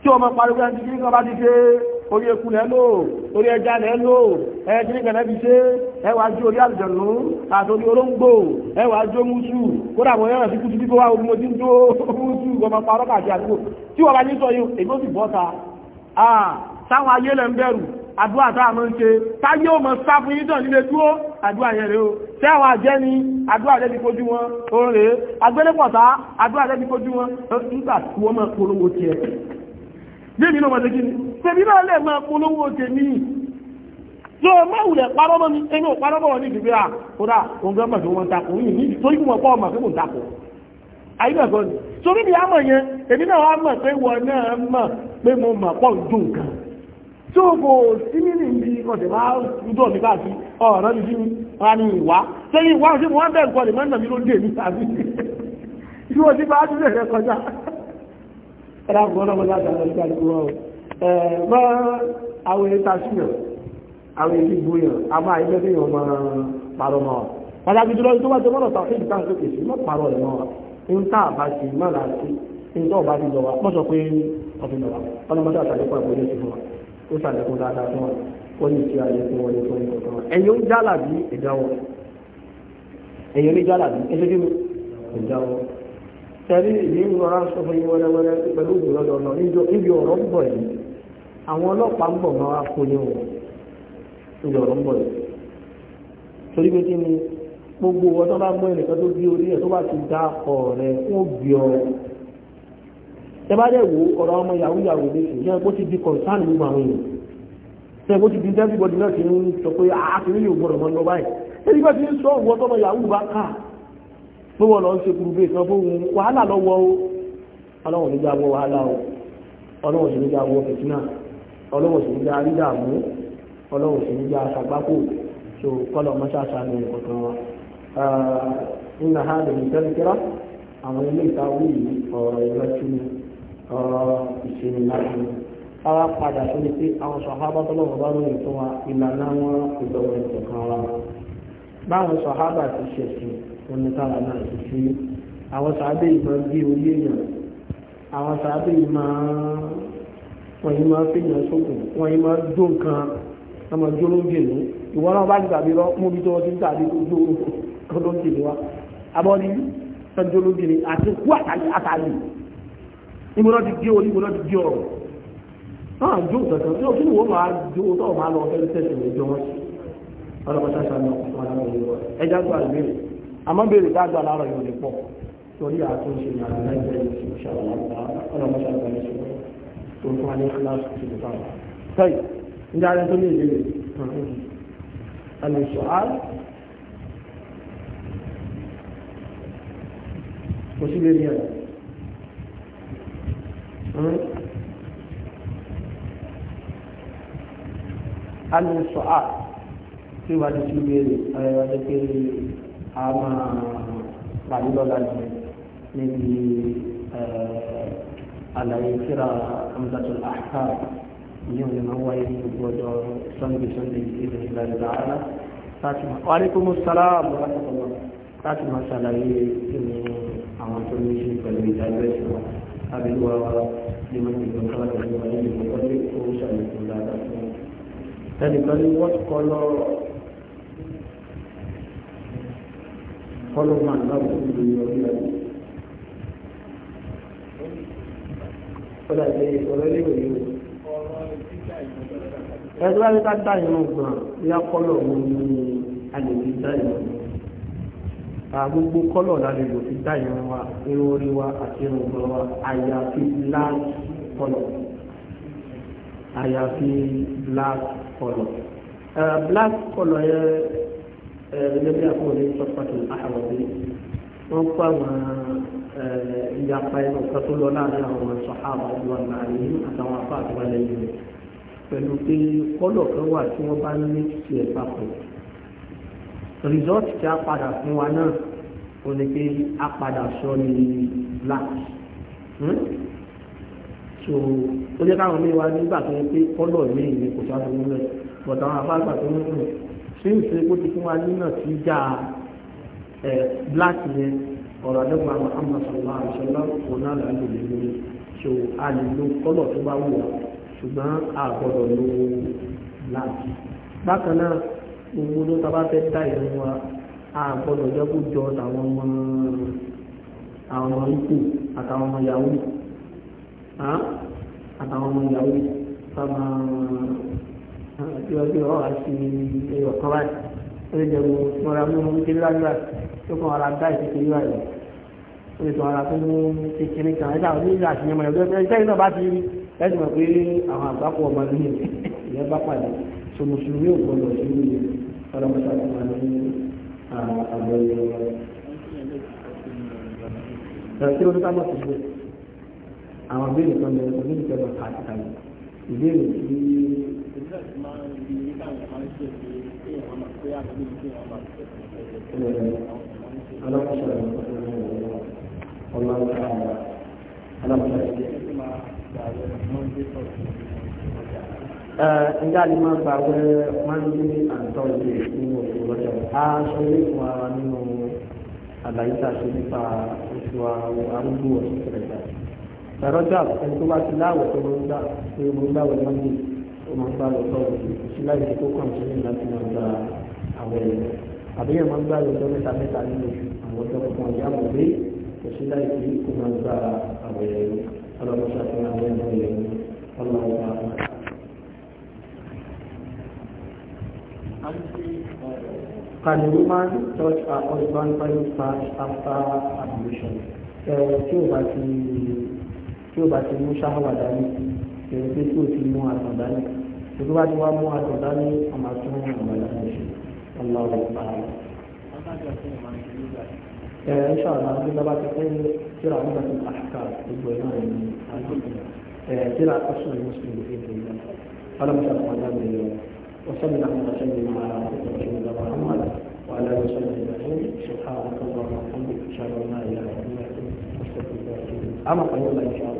tí ọmọ pariwo ẹni tí kí orí eku lẹ lò orí ẹja lẹ lò ẹkiri kẹlẹ fi ṣe ẹwà ju orí àlùjọ̀nù àti orí olóńgbò ẹwà ju omusu kódà mo yẹn rẹ̀ sí kùtù bí kò wá omi mo ti ń jó omusu ọmọ parọ́ kàti àdúgbò tí wọ́n bá ní sọ yìí èmi ó sì bọ́ ta táwọn ayé lẹ ń bẹ̀rù àdúrà táà mọ́ ń ṣe táyé ò mọ̀ sá fún yídàn nílé dúró àdúrà yẹn rẹ̀ o tẹ́wọ̀n àjẹ́ ni àdúrà jẹ́ ti kojú wọn orin rẹ̀ agbẹ́lẹ́pọ̀ta àdúrà jẹ́ ti kojú wọn nígbà tí wọ́n mọ̀ polówó tiẹ̀ jẹ́mi náà wọ́n tẹ́kí ni tẹ̀mí náà lẹ́ máa polówó tẹ̀mí o máa wùlẹ̀ parọ́mọ́ mi ẹni ò parọ́mọ́ wọn ní ìdìbò à kódà òun gan mọ̀tò wọn takò yìí ní torí kí wọn pọ̀ ọmọ fún takò àyíká kan ni torí mi àmọ̀ yẹn èmi náà wà mọ̀ pé wọn náà mọ̀ pé mo mọ̀ pọ̀ ju nǹkan tó o kò sí nínú ibi ọ̀sẹ̀ máa dúdọ̀ mi káàkiri ọ̀rọ̀ mi sí wá ní ìwá sẹ́yìn ìwá sí mo wá kọ́ lè má nà ló dé mi tàbí ẹ̀dá gbọ́dọ̀ mọ́lá àtàwọn ìgbà tó wọ́n ẹ̀ mọ́ àwọn èyí ta sí a máa ilé tí yàn máa parọ́ mọ́ ọ pàtàkì jùlọ tó bá ti mọ́nà tàwọn èyí táwọn sókè sí mọ́ parọ́ ẹ̀ mọ́ ń tà bá ti má là sí ń tọ́ bá ti lọ wa mọ́ sọ pé ọ̀fìn lọ wa ọlọ́mọdé àtàlẹ́kọ̀ọ́ àgbọ̀dé ti fún wa ó sàlẹ̀kùn dáadáa fún wa wọ́n ní ti ayé tẹ̀lé ìlú ìrora sọ fún ọrụ wẹ́rẹ́wẹ́rẹ́ pẹ̀lú ìgbòlọ́dọ̀ ọ̀nà níbi ọ̀rọ̀ ń bọ̀ yìí àwọn ọlọ́pàá ń bọ̀ máa kó ní wọn níbi ọ̀rọ̀ ń bọ̀ yìí torí pé kí ni gbogbo wọn tó bá mú ẹnìkan tó bí orí tó bá ti bí ọ ẹ bá dẹ̀ ọ̀rọ̀ ọmọ ní pé wọ́n lọ ń ṣe kúrú bẹ́ẹ̀ kan fún wàhálà lọ́wọ́ o ọlọ́wọ́n nígbà wọ wàhálà o ọlọ́wọ́n sì nígbà wọ fìtínà ọlọ́wọ́n sì nígbà rí dààmú ọlọ́wọ́n nígbà sàgbákò so kọ́lọ̀ mọ́ṣáṣá ní ọ̀kan wa ha lè tẹ́lẹ̀ àwọn ilé ìtawí ọ̀rọ̀ ìrẹsì ọ̀rọ̀ ìsinmi láti ara padà tó ní pé àwọn sọ̀hábà tó lọ́wọ́ bá lóyún fún wa ìlànà wọn ìdọ̀wọ̀ ìtọ̀kan wa báwọn sọ̀hábà ti ṣẹ̀sìn onítàrà náà ti fi àwọn sàábé ìmọ̀ bí orí èèyàn àwọn sàábé ìmọ̀ wọ́n yìí máa fèèyàn sókùn wọ́n yìí máa dó nǹkan ọmọ jólóńgèlú ìwọ náà bá ti tàbí lọ mú bí tó wọ́n ti ń tàbí ojú olóńgèlú wa abọ́ni sanjolóńgèlú àti kú àtàlì ìmúná ti gé orí ìmúná ti gé ọ̀rọ̀ náà jó kankan yóò kí ni wọ́n máa jó tó máa lọ fẹ́ẹ́ tẹ̀sán ìjọ wọn sí ọlọ́pàá sáṣà náà wọn á lọ àmọ́ béèrè dáadáa láàárọ̀ yóò lè pọ̀ torí àtúnṣe a àdúrà ìgbẹ́ ìṣòro ṣàlàyé ọlọ́mọṣà ìgbẹ́ ìṣòro tó ń fún wa ní kíláàsì su ti bá wa. sẹ́yìn ní ara tó ní a máa pàdé lọ́la jù níbi àlàyé kíra Umdatul Ahkam ní òní máa ń wáyé ní gbogbo ọjọ́ sunday sunday ìdílé ìlà ìlà ara láti máa wà nípa mọ́sálà àbúrò láti máa ṣàlàyé ìní àwọn tó ní ṣe pẹ̀lú ìdájọ́ ìṣòro àbíwá nínú ìgbọ̀nkọ́lá pẹ̀lú ìwà nínú ìgbọ̀nkọ́lé kó ṣàlùkù dáadáa fún un. ẹnìkan ní wọ́n kọ́ lọ́rọ̀ kọ́lọ́ máa ń báwọn tó lórí ọdún yàrá. ó dàbí ọ̀rọ̀ ilé ìwé yìí. ẹgbẹ́ wáyé ká dá ìrún gbọ̀n bóyá kọ́lọ̀ wo ni a lè fi dá ìrún. àgbogbo kọ́lọ̀ la lè lò fi dá ìrún wa irun orí wa àti irun gbọ̀n wa àyàfi black kọ́lọ̀ àyàfi black kọ́lọ̀ black kọ́lọ̀ yẹn gẹ́gẹ́ bí àpò ní sọ́pàtì àhàwọ̀ bí wọ́n kó àwọn ìyapa ẹnu kan tó lọ láàrin àwọn sọ̀hábà ìlú àlàyé àtàwọn apá àtúwà lẹ́yìn rẹ̀ pẹ̀lú pé kọ́lọ̀ kan wà tí wọ́n bá ní ti ẹ̀ papọ̀ rìsọ́ọ̀tì tí a padà fún wa náà ó ní pé a padà sọ ní black hmm? so ó jẹ́ káwọn mi wá nígbà tó ń pé kọ́lọ̀ mi ní kò sáfẹ́ nílẹ̀ bọ̀dọ̀ àwọn apá àgbà tó ń rìn ṣé ìṣe kó ti fún wa nínà tí já ẹ black yẹn ọ̀rọ̀ àdọ́gba Muhammad sallallahu alaihi wasallam lórí so a lè lo kọ́lọ̀ tó bá wù ṣùgbọ́n a gbọ́dọ̀ lo black bákan gbogbo ló tábà fẹ́ dá ìrìn wa a gbọ́dọ̀ jẹ́ kó tàwọn ọmọ àwọn ọmọ ikú àtàwọn ọmọ yahoo àti ọjọ́ àti ẹ̀yọ̀ kan báyìí ó lè dẹ̀wò mọ́ra mú mú kéré lágbà tó kàn ara dá ìṣe kéré wáyé ó lè tàn ara tó mú kékeré kan ẹ̀dá òní ìlà àti ẹ̀mọ̀ ẹ̀dọ́ ẹ̀ṣẹ́ iná bá ti rí ẹ̀sìn mọ̀ pé àwọn àgbákò ọmọ ní ìyẹn bá pàdé so mùsùlùmí ò gbọdọ̀ sí ní ọlọ́mọṣà tó máa ní àgbẹ̀ ìbéèrè tí Ǹjẹ́ àlè máa gba pé Mánúbí àtọ́ ìdè nínú òkú lọ́jọ́? A ṣe ilé fún ara nínú àlàyé tàṣe nípa oṣù arúgbó ọ̀sẹ̀ tẹ̀lẹ̀ tẹ̀lẹ̀. Ẹ̀rọ́jà ẹni tó bá ti láwẹ̀ tó ń gbà pé mo ń gbàwẹ̀ Mánúbí ó máa gbá lọ sọ́ọ̀bù sí láì sí kó kọ̀ǹtínú láti gba àwẹ̀ rẹ̀ àbí yẹn máa gbá lọ ọjọ́ mẹ́ta mẹ́ta nínú àwọn ọjọ́ kọ̀ọ̀kan ọjà mọ̀ pé kò sí láì sí kó máa gba àwẹ̀ rẹ̀ ọlọ́mọṣà fún àwẹ̀ rẹ̀ ọlọ́mọṣà. Can a woman touch her husband private part after ablution? Ẹ tí ò bá ti mú ṣáwà dání kìí pé kí o ti mú àtàn dání tuntun bá ti wá mú àtàn dání ọmọ àtún ọmọ ìlànà ìṣe ọlọ́wọ́ ìpa rẹ̀. ẹ ẹ ṣọ àwọn àti bàbá ti pé kíra àwọn bàbá ti pàṣípà gbogbo ẹ náà ní àgbègbè ẹ kíra ọsùn ní mùsùlùmí fi tó yẹ ọlọ́mọ sọ fún ọjà bẹ̀rẹ̀ وصلى الله وسلم على رسول الله محمد وعلى اله وصحبه اجمعين سبحانك اللهم وبحمدك اشهد ان لا اله الا انت استغفرك واتوب اليك اما قليلا ان شاء الله